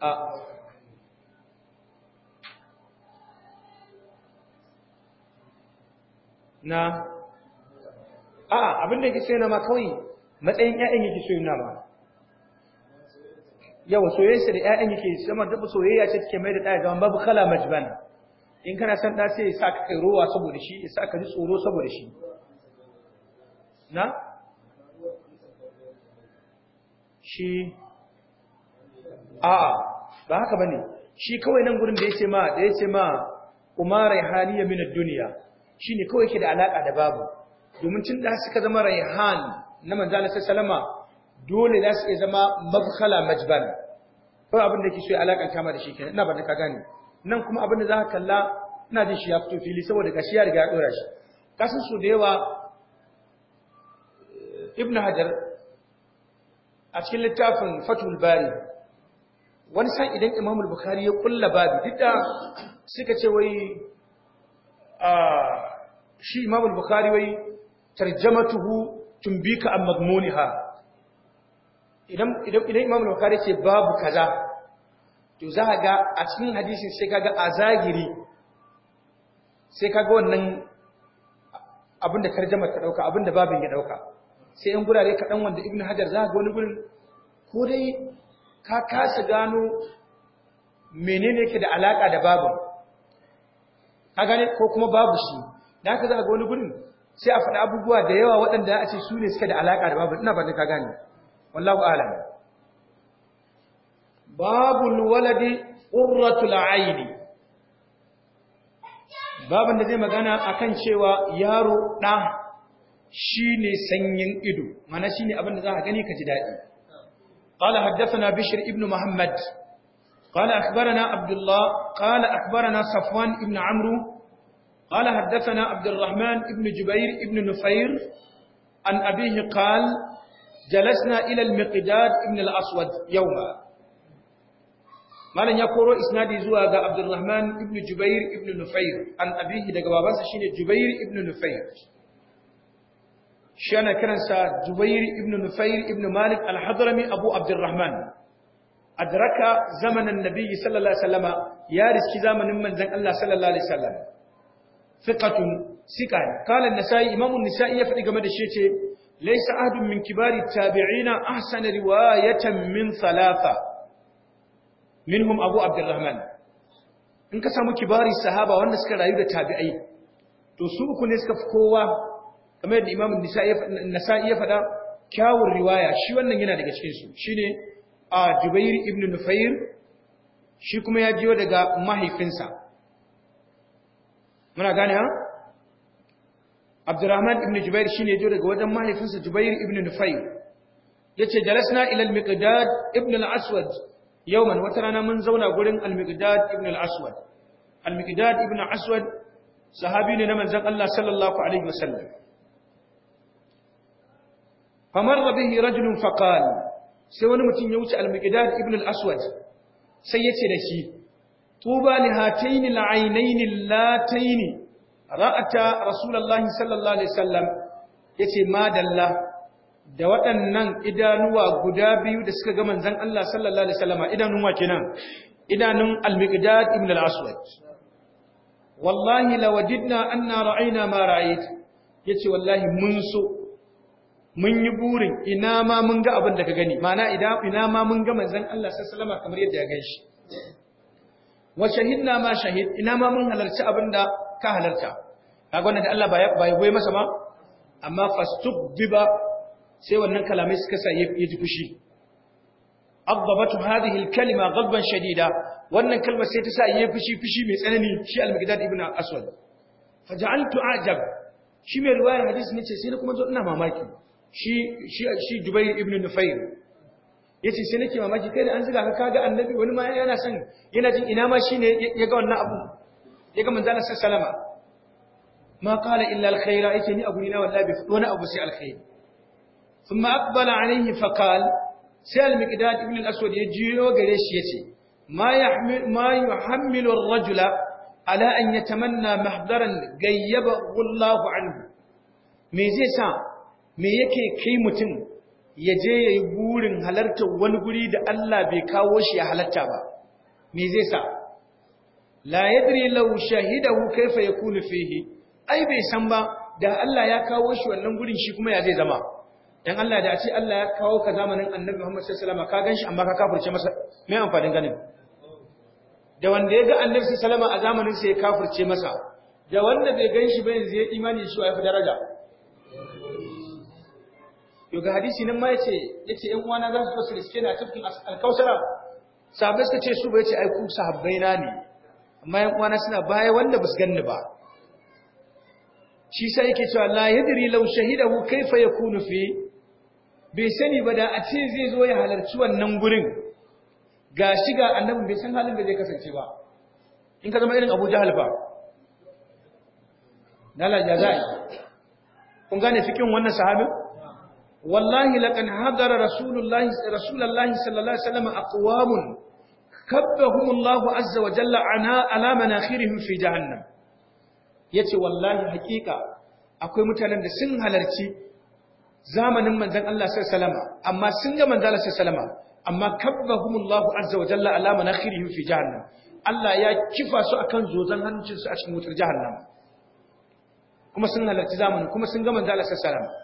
a na a abinda yake so ma kawai matsayin 'ya'yan yake so yana ma yawa soyayya da 'ya'yan yake sama da soyayya ce take mai da ɗaya gama babu kala majibana in kana san ɗa sai ya sa ka kai rowa saboda shi ya sa ka ji tsoro saboda shi na shi a'a ba haka bane shi kawai nan gurin da yace ma da yace ma kuma raihaniya min ad-dunya shine kawai yake da alaka da babu domin tun da suka zama raihan na manzala sallama dole za su zama mabkhala majban ko abin da yake so alakan ma da shi kenan ina ba da ka gane nan kuma abin da za ka kalla ina jin shi ya fito fili saboda gashi ya riga ya dora shi kasan su da yawa ibn hajar a cikin littafin fatul bari wani san idan imam bukhari ya kulla babu duk da suka ce wai shi imam bukhari wai tarjamatuhu tumbika an magmuniha idan idan imam bukhari ce babu kaza to za a ga a cikin hadisin sai kaga a zagiri sai kaga wannan abinda tarjamar ta dauka abinda babin ya dauka sai yan gurare kaɗan wanda ibn hajar za ga wani gurin ko dai ka kasa gano menene yake da alaƙa da babu ka gane ko kuma babu shi Na ka za ga wani gurin sai a faɗi abubuwa da yawa waɗanda a ce su ne suke da alaƙa da babu ina ba ka gane wallahu alam babu waladi qurratul aini baban da zai magana akan cewa yaro ɗa shi ne sanyin ido mana shi ne abinda za a gani ka ji daɗi ƙala haddasa bishir ibn muhammad ƙala akbarana abdullah ƙala akbarana safwan ibn amru ƙala haddasa abdurrahman ibn jubair ibn nufair an abihi ƙal jalasna ilal miqdad ibn al-aswad yawma malan ya koro isnadi zuwa ga abdurrahman ibn jubair ibn nufair an abihi daga babansa shine jubair ibn nufair shi ana kiransa Jubair ibn Nufair ibn Malik al-Hadrami Abu Abdurrahman adraka zamanin Nabi sallallahu alaihi wasallama ya riski zamanin manzon Allah sallallahu alaihi wasallam thiqatun sikan qala an-nasai imamu an-nisa'i ya fadi game da shi yace laysa ahadun min kibari tabi'ina ahsana riwayatan min thalatha minhum Abu Abdurrahman in ka samu kibari sahaba wanda suka rayu da tabi'ai to su uku ne suka fi kowa kamar yadda imamun nasa'i ya faɗa kyawun riwaya shi wannan yana daga cikinsu shi ne a jubair ibn nufair shi kuma ya jiyo daga mahaifinsa muna gane ha abdurrahman ibn jubair shi ne ya jiyo daga wajen mahaifinsa jubair ibn nufair ya ce jalasna ilal miqdad ibn al-aswad yau yawman wata rana mun zauna gurin al-miqdad ibn al-aswad al-miqdad ibn al-aswad sahabi ne na manzan Allah sallallahu alaihi wasallam famarra bihi rajulun faqal sai wani mutum ya wuce al-miqdad ibn al-aswad sai yace da shi tuba li hataini al-ainain allataini ra'ata rasulullahi sallallahu alaihi wasallam yace madalla da waɗannan idanuwa guda biyu da suka ga manzon Allah sallallahu alaihi wasallam idanun wa kenan idanun al-miqdad ibn al-aswad wallahi lawajidna anna ra'ayna ma ra'ayt yace wallahi mun so mun yi burin ina ma mun ga abin da ka gani ma'ana ina ma mun ga manzon Allah sallallahu kamar yadda ya gaishe wa shahidna ma shahid ina ma mun halarci abin da ka halarta ka wannan da Allah ba ya goyi masa ba amma biba sai wannan kalamai suka sa ya ji fushi addabatu hadhihi alkalima kalima ghadban shadida wannan kalmar sai ta sa ya fushi fushi mai tsanani shi al-miqdad ibn aswad faj'altu ajab shi mai riwayar hadisi ne ce sai na kuma zo ina mamaki shi shi shi Jubair ibn Nufair yace sai nake mamaki kai da an zuga ka kaga annabi wani ma yana son yana jin ina ma shine ya ga wannan abu ya ga manzo Allah sallama ma qala illa alkhaira yace ni abu ni na wallahi wani abu sai alkhairi thumma aqbala alayhi fa qala sai al-miqdad ibn al-aswad ya jiyo gare shi yace ma yahmil ma yuhammilu ar-rajula ala an yatamanna mahdaran gayyaba Allahu anhu me zai sa me yake kai mutum ya je ya yi burin halartar wani guri da Allah bai kawo shi ya halarta ba me zai sa la yadri law shahidahu kayfa yakunu fihi ai bai san ba da Allah ya kawo shi wannan gurin shi kuma ya zai zama dan Allah da a ce Allah ya kawo ka zamanin Annabi Muhammad sallallahu alaihi wasallam ka ganshi amma ka kafirce masa me amfanin ganin da wanda ya ga Annabi sallallahu alaihi wasallam a zamanin sa ya kafirce masa da wanda bai ganshi ba yanzu ya imani shi wa ya fi daraja to ga hadisi nan ma yace yace ɗan uwana za su zo su riske ni a tafkin alkausara suka ce su ba yace ai ku sahabbai na ne amma ɗan uwana suna baya wanda ba su ganni ba shi sai yake cewa la yadri law shahidahu kaifa yakunu fi bai sani ba da a ce zai zo ya halarci wannan gurin ga shi ga annabin bai san halin da zai kasance ba in ka zama irin Abu Jahal ba? na jazai kun gane fikin wannan sahabin wallahi laqad hadara rasulullahi rasulullahi sallallahu alaihi wasallam aqwamun kabba Allah azza wa jalla ana ala manakhirihim fi Ya ce wallahi hakika akwai mutanen da sun halarci zamanin manzon Allah sallallahu alaihi wasallam amma sun ga manzon Allah sallallahu alaihi wasallam amma kabba Allah azza wa jalla alama ala manakhirihim fi jahannam Allah ya kifa su akan zozan hannuncinsu a cikin wutar jahannan, kuma sun halarci zamanin kuma sun ga manzo Allah sallallahu alaihi wasallam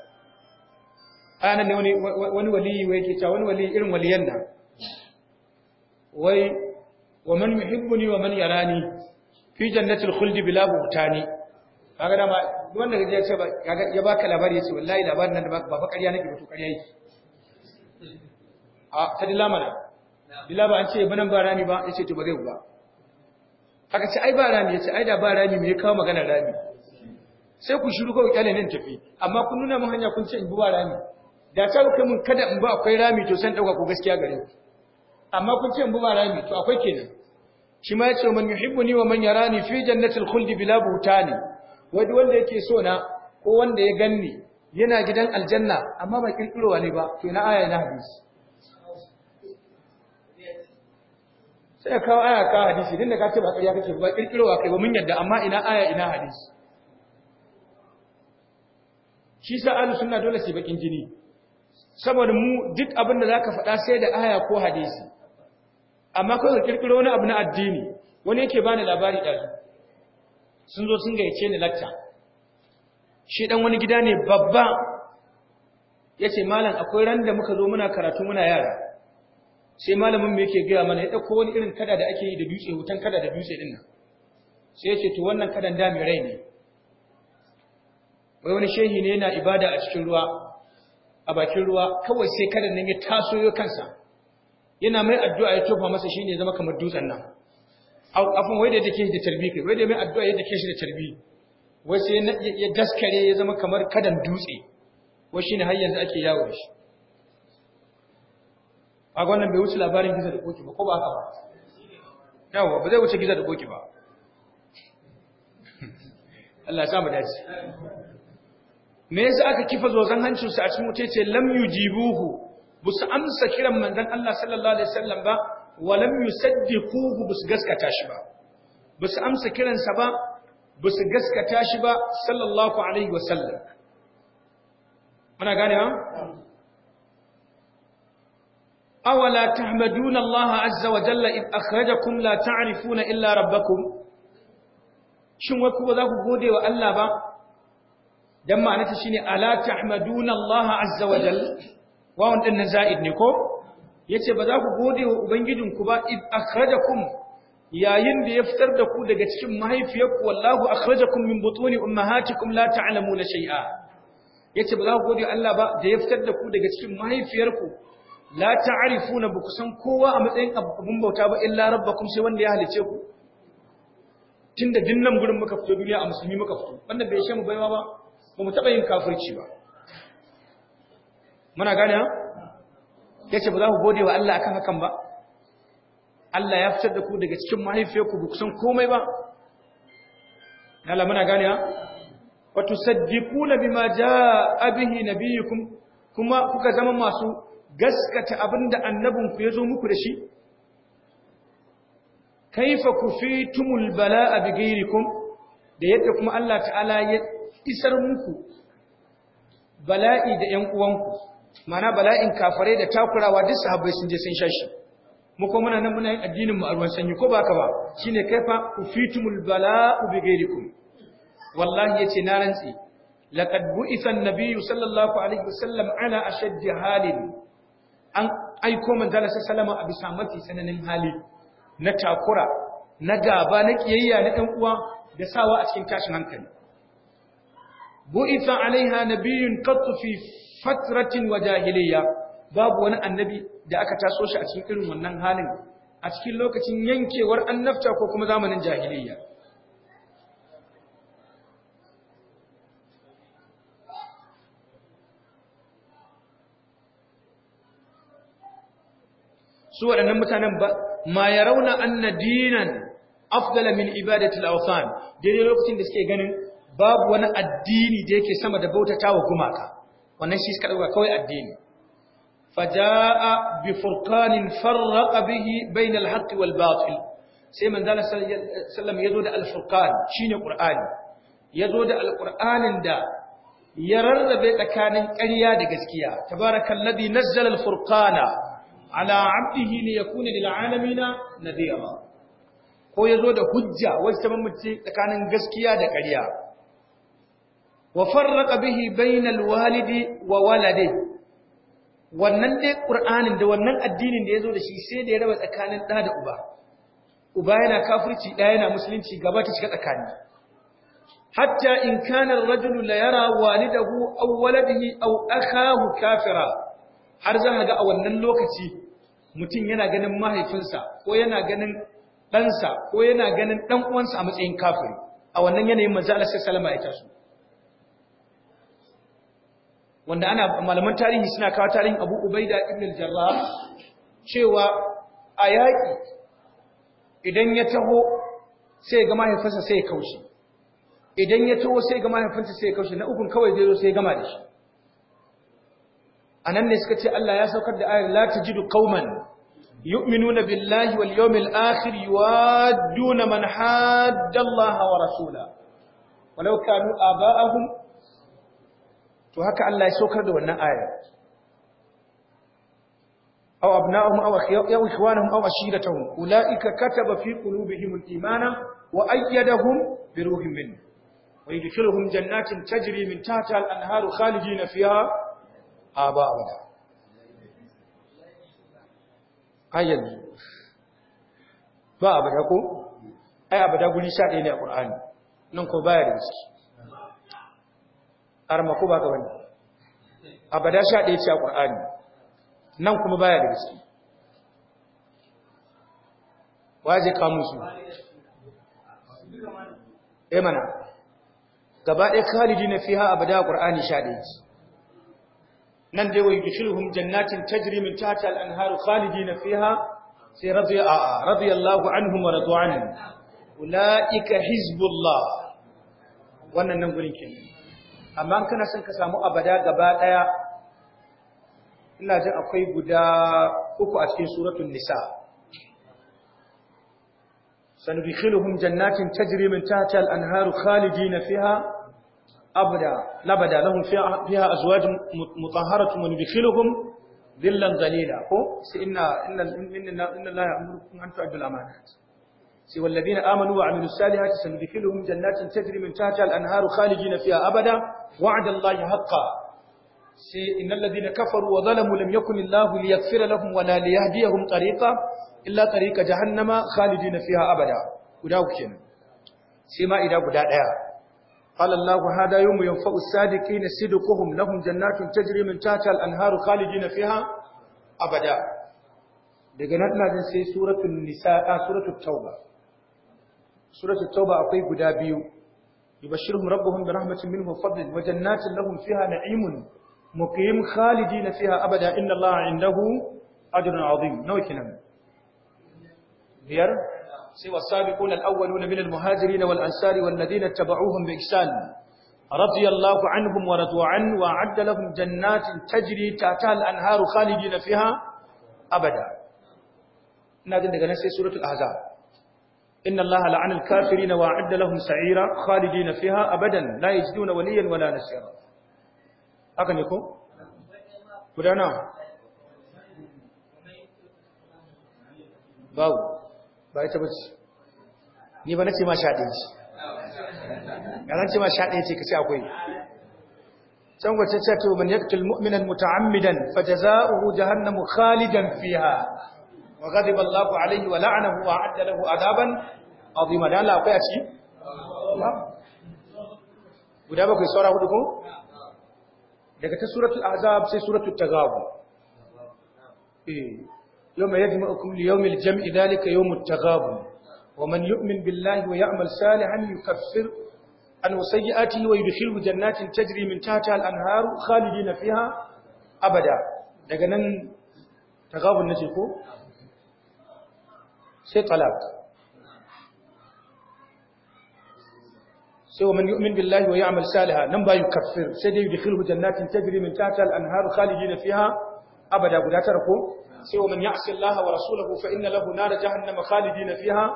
anan ne wani wani wali wai ke cewa wani wali irin waliyan da wai wa man yuhibbuni wa man yarani fi jannatil khuld bila buhtani kaga da wanda kaje ya ce kaga ya baka labari ya ce wallahi labarin nan da baka ba ƙarya nake to ƙarya yake a ta dila mana dila ba an ce ba nan ba rani ba ya ce to ba zai ba aka ce ai ba rani ya ce ai da ba rani me ya kawo magana rani sai ku shiru kawai kyale nan tafi amma kun nuna mun hanya kun ce in bi ba rani da ta ku mun kada in ba akwai rami to san dauka ku gaskiya gare ku amma kun ce in ba rami to akwai kenan shi ma yace man yuhibbuni wa man yarani fi jannatil khuldi bila butani wadi wanda yake so na ko wanda ya ganni yana gidan aljanna amma ba kirkirowa ne ba to na aya na hadisi sai ka aya ka hadisi din da ka ce ba ƙarya kake ba kirkirowa kai ba mun yadda amma ina aya ina hadisi shi sa ahlus sunna dole su bakin jini saboda mu duk abin da za ka faɗa sai da aya ko hadisi amma kawai ka kirkiro wani abu na addini wani yake bani labari ɗazu sun zo sun gayyace ni lacca shi ɗan wani gida ne babba ya ce malam akwai ran da muka zo muna karatu muna yara sai malamin mu yake gaya mana ya ɗauko wani irin kada da ake yi da dutse hutan kada da dutse ɗin nan sai ya ce to wannan kadan da mai rai ne wai wani shehi ne yana ibada a cikin ruwa a bakin ruwa kawai sai kadan nan ya taso ya kansa yana mai addu'a ya tofa masa shine zama kamar dutsen nan au afin wai da take da tarbi kai wai da mai addu'a ya take shi da tarbi wai sai ya daskare ya zama kamar kadan dutse wai shine har yanzu ake yawo shi a gwanan bai wuce labarin giza da koki ba ko ba haka ba yawa ba zai wuce giza da koki ba Allah ya sa mu dace me yasa aka kifa zozan hancinsu a cikin wuce ce lam yujibuhu bu su amsa kiran manzon Allah sallallahu alaihi wasallam ba wa lam yusaddiquhu bu su gaskata shi ba bu su amsa kiransa ba bu su gaskata shi ba sallallahu alaihi wasallam muna gane ha awala tahmaduna Allah azza wa jalla id akhrajakum la ta'rifuna illa rabbakum shin wai ku ba za ku gode wa Allah ba dan ma'anarta shine ala tahmaduna Allah azza wa jal wawan din zaid ne ko yace ba za ku gode wa ubangijinku ba id akhrajakum yayin da ya fitar da ku daga cikin mahaifiyarku wallahu akhrajakum min butuni ummahatikum la ta'lamuna shay'a yace ba za ku gode Allah ba da ya fitar da ku daga cikin mahaifiyarku la ta'rifuna ba ku san kowa a matsayin abun bauta ba illa rabbakum sai wanda ya halice ku tunda dinnan gurin muka fito duniya a musulmi muka fito wannan bai shemu baiwa ba ba mu taɓa yin kafirci ba muna gane ha ya ce ba za ku gode wa Allah akan hakan ba Allah ya fitar da ku daga cikin mahaifiyarku ba kusan komai ba Allah muna gane ha wa tusaddiquna bima jaa bihi nabiyyukum kuma kuka zama masu gaskata abinda annabinku ya zo muku da shi kaifa kufitumul bala'a bighairikum da yadda kuma Allah ta'ala ya isar muku bala'i da ‘yan uwanku, mana bala'in kafare da takurawa duk sahabbai sun je sun shashi, ko muna nan muna yin addininmu a ruwan sanyi ko baka ba, shi ne kaifa ku fitumul bala'u bi gairikum. Wallahi ya ce na rantsi, laqad isan nabiyyu sallallahu alaihi wasallam ala ashaddi halin an aiko manzala sallama a bisa mafi tsananin hali na takura na gaba na ƙiyayya na ɗan uwa da sawa a cikin tashin hankali bu'itha alaiha nabiyyun biyun fi fatratin wa jahiliya babu wani annabi da aka taso shi a cikin irin wannan halin a cikin lokacin yankewar annabta ko kuma zamanin jahiliya su waɗannan mutanen ba ma ya rauna anna dinan afdala min ibadatul awthan daidai lokacin da suke ganin babu wani addini da yake sama da bautata wa gumaka wannan shi suka dauka kawai addini faja'a bi furqanin farraqa bihi bayna al-haqqi wal batil sai manzala sallam yazo da al-furqan shine qur'ani yazo da al-qur'anin da ya rarrabe tsakanin ƙarya da gaskiya tabarakallazi nazzala al-furqana ala 'abdihi liyakuna lil 'alamina nadira ko yazo da hujja wacce ta mamace tsakanin gaskiya da ƙarya wa به bihi bainal walidi wa wannan dai qur'anin da wannan addinin da yazo da shi sai da ya raba tsakanin da da uba uba yana kafirci da yana musulunci gaba ta shiga tsakani hatta in kana ar rajul la yara walidahu aw waladihi aw akahu kafira har zan ga a wannan lokaci mutum yana ganin mahaifinsa ko yana ganin ɗansa ko yana ganin ɗan uwansa a matsayin kafiri a wannan yanayin manzo Allah salama ya taso wanda ana malaman tarihi suna kawo tarihin Abu Ubaida ibn al-Jarrah cewa a yaƙi idan ya taho sai ga mahaifinsa sai ya kaushe idan ya taho sai ga mahaifinsa sai ya kaushe na ukun kawai zai zo sai ya gama da shi anan ne suka ce Allah ya saukar da ayar la tajidu qauman yu'minuna billahi wal yawmil akhir yuwadduna man hadda Allah wa rasula walau kanu aba'ahum to haka Allah ya saukar da wannan aya aw abna'uhum aw ikhwanuhum aw ashiratahum ulaika kataba fi qulubihim al-imana wa ayyadahum bi ruhin min wa yudkhiluhum jannatin tajri min tahtiha al-anharu khalidina fiha abada ayyan ba abada ko ai abada guri sha ɗaya ne a Qur'ani nan ko baya da ciki har ko ba ka wani abada sha ɗaya ce a ƙur'ani nan kuma baya da gaske waje kamun su eh mana gaba ɗaya khalidi na fiha abada a ƙur'ani sha ɗaya ce nan dai wa yudkhiluhum jannatin tajri min tahtiha al-anharu khalidina fiha sai radiya radiyallahu anhum wa radu anhu ulaika hizbullah wannan nan gurin kenan amma kana son ka samu abada gaba daya ina jin akwai guda uku a cikin suratul nisa sanudkhiluhum jannatin tajri min tahtiha al-anharu khalidina fiha abada labada lahum fiha azwajun mutahharatun nudkhiluhum dhillan dhalila ko sai inna inna inna la ya'murukum an tu'addu al-amanat sai walladhina amanu wa amilus salihati sanudkhiluhum jannatin tajri min tahtiha al-anharu khalidina fiha abada wa'adallahi haqqan sai innal ladina kafaru wa zalamu lam yakun illahu liyaghfira lahum wa la liyahdiyahum tariqa illa tariqa jahannama khalidina fiha abada guda uku sai ma ida guda ɗaya. qala allah hada yawmu yanfa'u as-sadiqina sidquhum lahum jannatun tajri min tahtiha al-anharu khalidina fiha abada daga nan ina jin sai suratul Nisa'a, ah, suratul tauba suratul tauba akwai guda biyu yubashshiruhum rabbuhum bi rahmatin minhu wa fadlin wa jannatin lahum fiha na'imun muqim khalidin fiha abada inna allaha indahu ajrun azim nawa kenan biyar sai wasabiquna al-awwaluna min al wal ansari wal ladina bi ihsan رضي الله عنهم ورضوا عنه tajiri لهم جنات تجري تحتها الأنهار خالدين فيها أبدا نادن دغنا سي سورة الأحزاب إن الله لعن الكافرين وأعد لهم سعيرا خالدين فيها أبدا لا يجدون وليا ولا نصيرا haka ne ko? gudana bawu ba ita bace ni ba na ce ma sha ɗaya ce ƙazan ce ma sha ɗaya ce ka ce akwai can wace ce to man yaktul mu'minan muta'ammidan fa jaza'uhu jahannamu khalidan fiha wa ghadiba Allahu alaihi wa la'anahu wa adda lahu adaban azima da Allah akwai a ciki guda bakwai saura hudu ko daga ta suratul azab sai suratul tagabu eh yawma yajma'ukum li yawmil jam'i dhalika yawmut tagabu wa man yu'min billahi wa ya'mal salihan yukaffir عن سيئاته ويدخله جنات تجري من تحتها الانهار خالدين فيها ابدا daga nan tagabun nace ko ثقلات سوى من يؤمن بالله ويعمل سالها لم يكفر سيدي يدخله جنات تجري من تحت الأنهار خالدين فيها أبدا قد أتركوا سوى من يعصي الله ورسوله فإن له نار جهنم خالدين فيها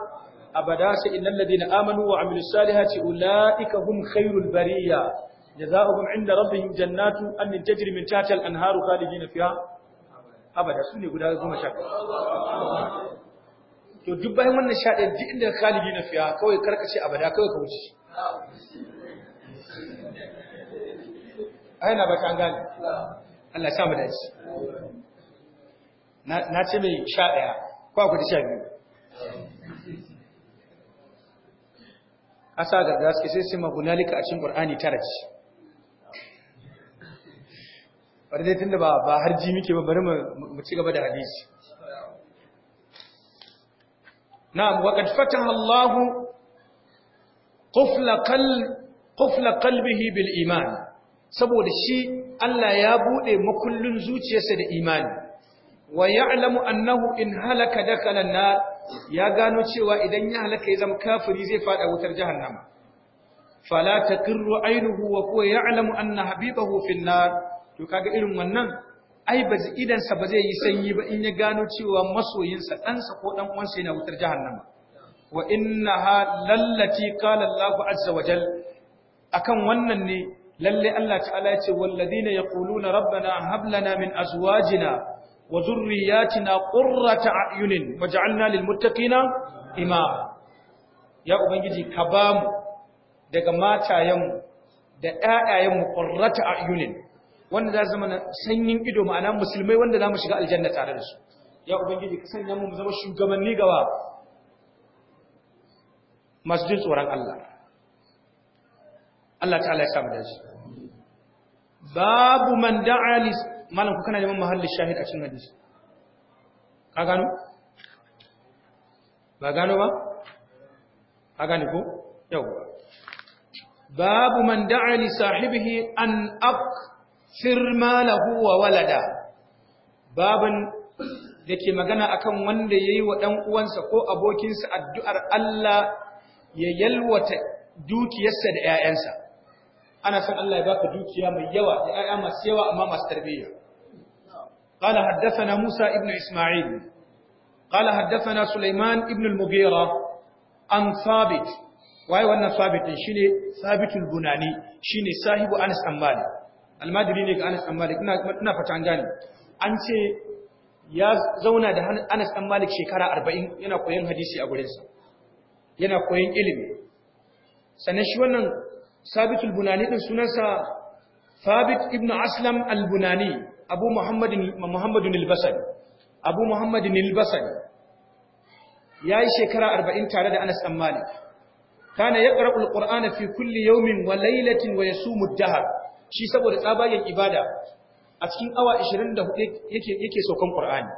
أبدا سإن الذين آمنوا وعملوا السالحات أولئك هم خير البرية جزاؤهم عند ربهم جنات أن تجري من تحت الأنهار خالدين فيها أبدا سنة قد أتركوا مشاكل to duk bayan wannan sha ɗaya inda khalidi na fiya kawai karkace bada kawai ka wuce ai na baka an gane Allah ya mu dace na na ce mai sha ɗaya ko akwai da sha biyu asa garga suke sai sai magunalika a cikin qur'ani tara ce ba harji muke ba bari mu ci gaba da hadisi na'am wa fatan fataha Allahu qufla qal qufla bil iman saboda shi Allah ya bude makullin zuciyarsa da imani wa ya'lamu annahu in halaka dakala nar ya gano cewa idan ya halaka ya zama kafiri zai fada wutar jahannama fala taqirru aynuhu wa huwa ya'lamu anna habibahu fin nar to kaga irin wannan ai ba idansa ba zai yi sanyi ba in ya gano cewa masoyinsa ɗansa ko ɗan uwansa yana wutar jahannama wa ha lallati qala Allahu azza wa jal akan wannan ne lalle Allah ta'ala ya ce walladina yaquluna rabbana hab lana min azwajina wa dhurriyyatina qurrata a'yunin waj'alna lil muttaqina imama ya ubangiji ka bamu daga matayenmu da ƴaƴayenmu qurrata a'yunin wanda za zama na sanyin ido ma'ana musulmai wanda za mu shiga aljanna tare da su ya ubangiji ka sanya mu zama shugabanni gaba. masu jin tsoron Allah Allah ta'ala ya samu daji babu man da'a li malam ku kana neman mahallin shahid a cikin hadisi ka gano ba gano ba ka gane ko Yau. babu man da'a li sahibihi an aq sirmalahu wa walada babin da ke magana akan wanda ya yi wa ɗan uwansa ko abokinsa addu'ar Allah ya yalwata dukiyarsa da ‘ya'yansa ana san Allah ya baka dukiya mai yawa da ‘ya'ya masu yawa amma masu tarbiyya قال حدثنا Musa ابن Isma'il, قال حدثنا سليمان ابن المغيرة عن ثابت واي wannan ثابت shine ثابت shi shine sahibu Anas Ammali almajiri ne ga Anas dan Malik ina fata an gane an ce ya zauna da Anas dan Malik shekara 40 yana koyon hadisi a gurinsa yana koyon ilimi sannan shi wannan sabitul bunani din sunansa Thabit ibn Aslam al-Bunani Abu Muhammadin Muhammadun al-Basri Abu Muhammadin al-Basri yayi shekara 40 tare da Anas dan Malik kana yaqra'u al-Qur'ana fi kulli yawmin wa laylatin wa yasumu ad-dahr shi saboda tsabayen ibada a cikin awa 24 yake yake saukan Qur'ani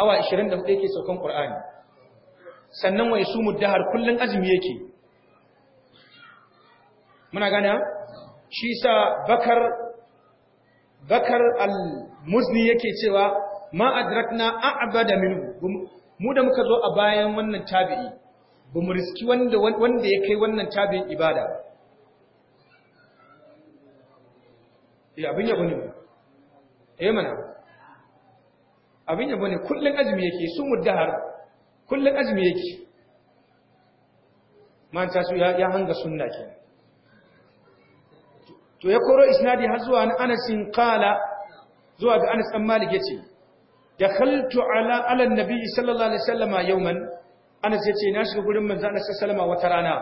awa 24 yake saukan Qur'ani sannan wai su muddahar kullun azumi yake muna gane shi sa bakar bakar al-muzni yake cewa ma adrakna a'bada minhu mu da muka zo a bayan wannan tabi'i bamu riski wanda wanda ya kai wannan tabi'in ibada Eh, abin yabo ne eh mana abin yabo ne kullun azumi yake su muddahar kullun azumi yake man ta su ya hanga sunna ke to ya koro isnadi har zuwa an Anas qala zuwa ga Anas dan Malik yace dakhaltu ala ala annabi sallallahu alaihi wasallama yawman Anas yace na shiga gurin manzo Allah sallallahu alaihi wasallama wata rana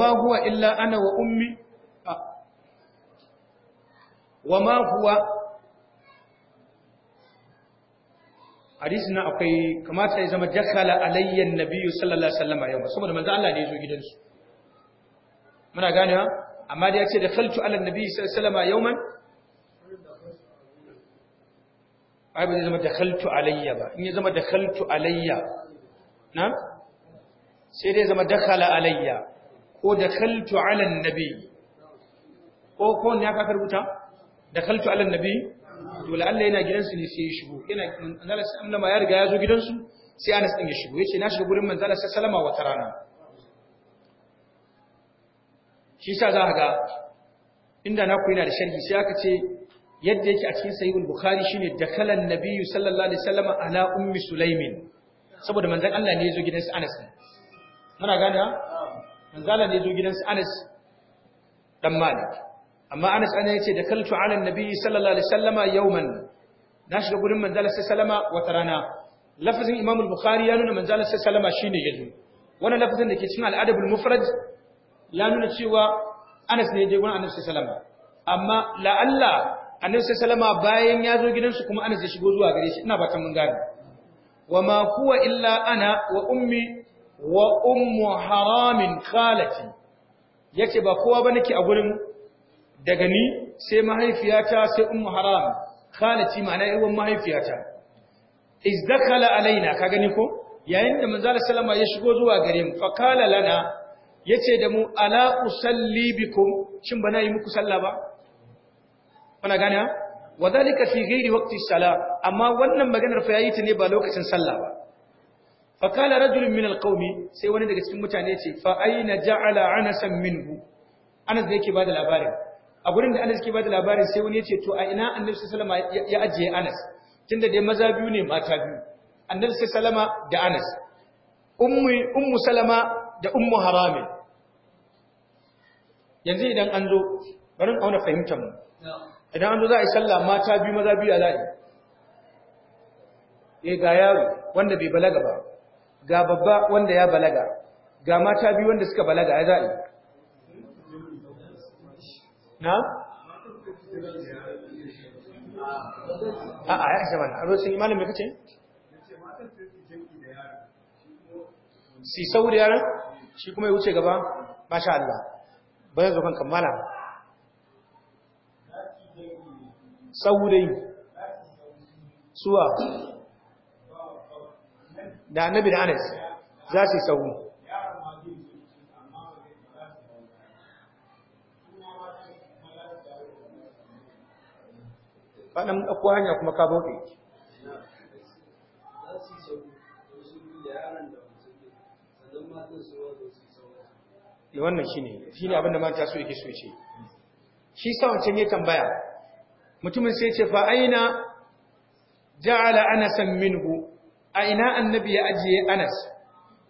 ma huwa illa ana wa ummi ah, wa ma huwa hadisi na akwai kamata ya zama dakhala alayyan nabiyyu sallallahu alaihi wasallam yau saboda manzo Allah ya zo gidansu muna ganewa amma da ya ce dakhaltu ala nabiyyi sallallahu alaihi wasallam yawman ai ba zai zama dakhaltu alayya ba in ya zama dakhaltu alayya na sai dai zama dakhala alayya ko dakhaltu ala ko rubuta dakhaltu ala nabi to Allah yana gidansu ne sai ya shigo yana manzala sallama ya riga ya zo gidansu sai Anas din ya shigo yace na shiga gurin manzala sallama wata rana shi sa za ga inda na ku yana da sharhi sai aka ce yadda yake a cikin sahihul bukhari shine dakhalan nabi sallallahu alaihi wasallam ala ummi sulaimin saboda manzon Allah ne ya zo gidansu Anas muna gane manzala ne ya zo su Anas dan Malik amma Anas ana yace da kaltu ala annabi sallallahu alaihi wasallama yawman na shiga gurin manzala sai salama wata rana lafazin Imam al-Bukhari ya nuna manzala sai salama shine yazo wannan lafazin da ke cikin al-Adab mufrad ya nuna cewa Anas ne je gurin Annabi sallallahu amma la'alla Annabi sallallahu bayan ya zo gidansu kuma Anas ya shigo zuwa gare shi ina fatan mun gane wa ma huwa illa ana wa ummi wa ummu haramin khalati yace ba kowa ba nake a gurin daga ni sai mahaifiyata sai ummu haram khalati ma'ana yawan mahaifiyata izdakhala alaina ka gani ko yayin da manzo sallama ya shigo zuwa gare mu fa kala lana yace da mu ala usalli bikum shin bana yi muku sallah ba kana gane wa wadalika fi ghairi waqti salah amma wannan maganar fa yayi ta ne ba lokacin sallah ba fa kala rajulun min alqaumi sai wani daga cikin mutane yace fa aina ja'ala anasan minhu anas da yake bada labarin a gurin da Anas ke bada labarin sai wani ya ce to a ina Annabi sallallahu alaihi wasallam ya ajiye Anas tunda dai maza biyu ne mata biyu Annabi sallallahu alaihi wasallam da Anas ummu ummu salama da ummu harami yanzu idan an zo bari in auna fahimtar mu idan an zo za a yi sallah mata biyu maza biyu a layi eh ga yaro wanda bai balaga ba ga babba wanda ya balaga ga mata biyu wanda suka balaga ya za'i na? a a ya isa ba a rosun imanin mai kace? si sau da yaran shi kuma ya wuce gaba masha Allah bayan zuban kammala sau dai, suwa da annabi da anas za su yi sau ba nan ɗauko hanya kuma ka bauɗe da eh, wannan shi ne, shi ne abinda mata su yake so ce shi sa wancan ya tambaya mutumin sai ce fa aina ja'ala anasan minhu ina annabi ya ajiye anas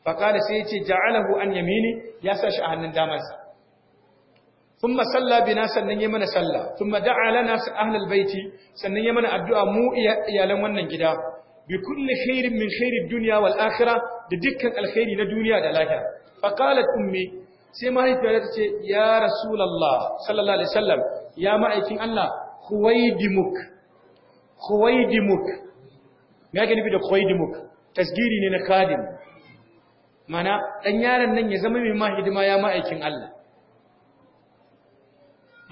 fa qala sai ya ce ja'alahu an yamini ya sa shi a hannun damarsa. ثم صلى بنا sannan ya mana sallah ثم دعا لنا اهل البيت sannan ya mana addu'a mu iyalan wannan gida bi kulli khairin min khairi dunya wal da dukkan alkhairi na duniya da lahira fa qalat ummi sai mahaifiyar ta ce ya rasulullah sallallahu alaihi wasallam ya ma'aikin Allah khuwaydimuk khuwaydimuk me yake nufi da khuwaydimuk tasgiri ne na kadim mana ɗan yaron nan ya zama mai mahidima ya ma'aikin Allah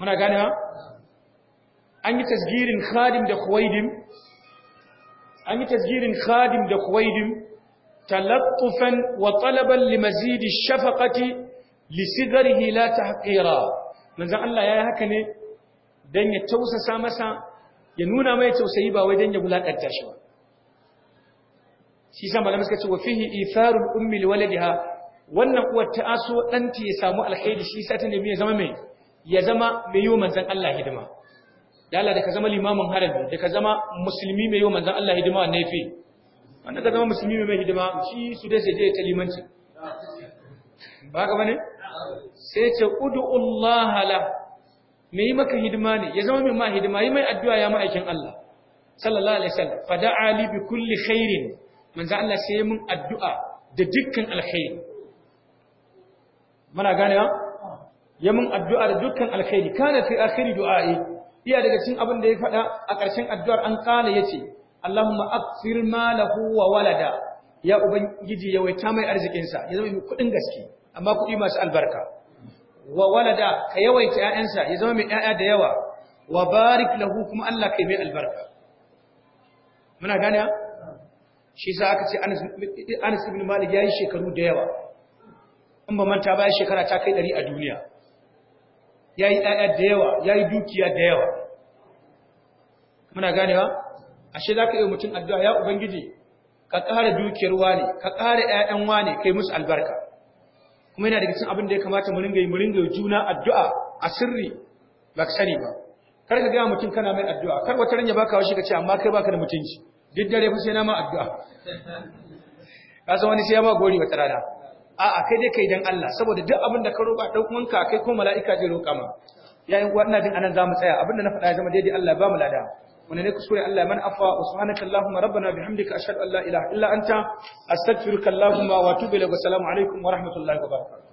muna gane ha an yi tasgirin khadim da khuwaidim an yi tasgirin khadim da khuwaidim talattufan wa talaban limazidi shafaqati lisigarihi la tahqira manzon Allah yayi haka ne dan ya tausasa masa ya nuna mai tausayi ba wai dan ya bulakanta shi ba shi sa malamai suka ce wa fihi itharul ummi liwaladiha wannan kuwa ta aso danti ya samu alkhairi shi sa ta nemi ya zama mai ya zama mai yi wa manzan Allah hidima da Allah da ka zama limamin harin da ka zama musulmi mai yi wa manzan Allah hidima wannan yafi wanda ka zama musulmi mai hidima shi su dai sai je ta limanci ba ka bane sai ce Allah la mai yi maka hidima ne ya zama mai ma hidima yi mai addu'a ya ma'aikin Allah sallallahu alaihi wasallam fada'a li bi kulli khairin manzan Allah sai mun addu'a da dukkan alkhairi muna gane ba ya mun addu'a dukkan alkhairi kana fi akhiri du'a'i iya daga cikin abin da ya faɗa a ƙarshen addu'ar an kana yace Allahumma akthir lahu, wa walada ya ubangiji yawaita mai arzikin sa ya zama mai kuɗin gaske amma kuɗi masu albarka wa walada ka yawaita 'ya'yansa ya zama mai ƴaƴa da yawa wa barik lahu kuma Allah kai mai albarka muna gane shi sa aka ce Anas ibn Malik yayi shekaru da yawa in ba manta ba shekara ta kai 100 a duniya ya yi ɗaya da yawa ya yi dukiya da yawa muna ganewa ashe za ka yi mutum addu'a ya ubangiji ka ƙara dukiyar wane ka ƙara ‘ya'yan wane kai musu albarka kuma yana daga cikin abin da ya kamata mu ringa yi mu ringa juna addu'a a sirri ba ka sani ba kar ka gaya mutum kana mai addu'a kar wata ranya baka shi ka ce amma kai baka da mutunci duk dare fa sai na ma addu'a ka san wani sai ya ma gori wata rana a'a kai dai kai dan Allah saboda duk abin da ka roƙa dan uwanka kai ko mala'ika zai roƙa ma yayin uwa ina jin anan zamu tsaya abin da na faɗa ya zama daidai Allah ba mu lada Wani ne kuskure Allah man afa wa subhanaka allahumma rabbana bihamdika ashhadu an la ilaha illa anta astaghfiruka allahumma wa atubu ilaik assalamu alaikum wa rahmatullahi wa barakatuh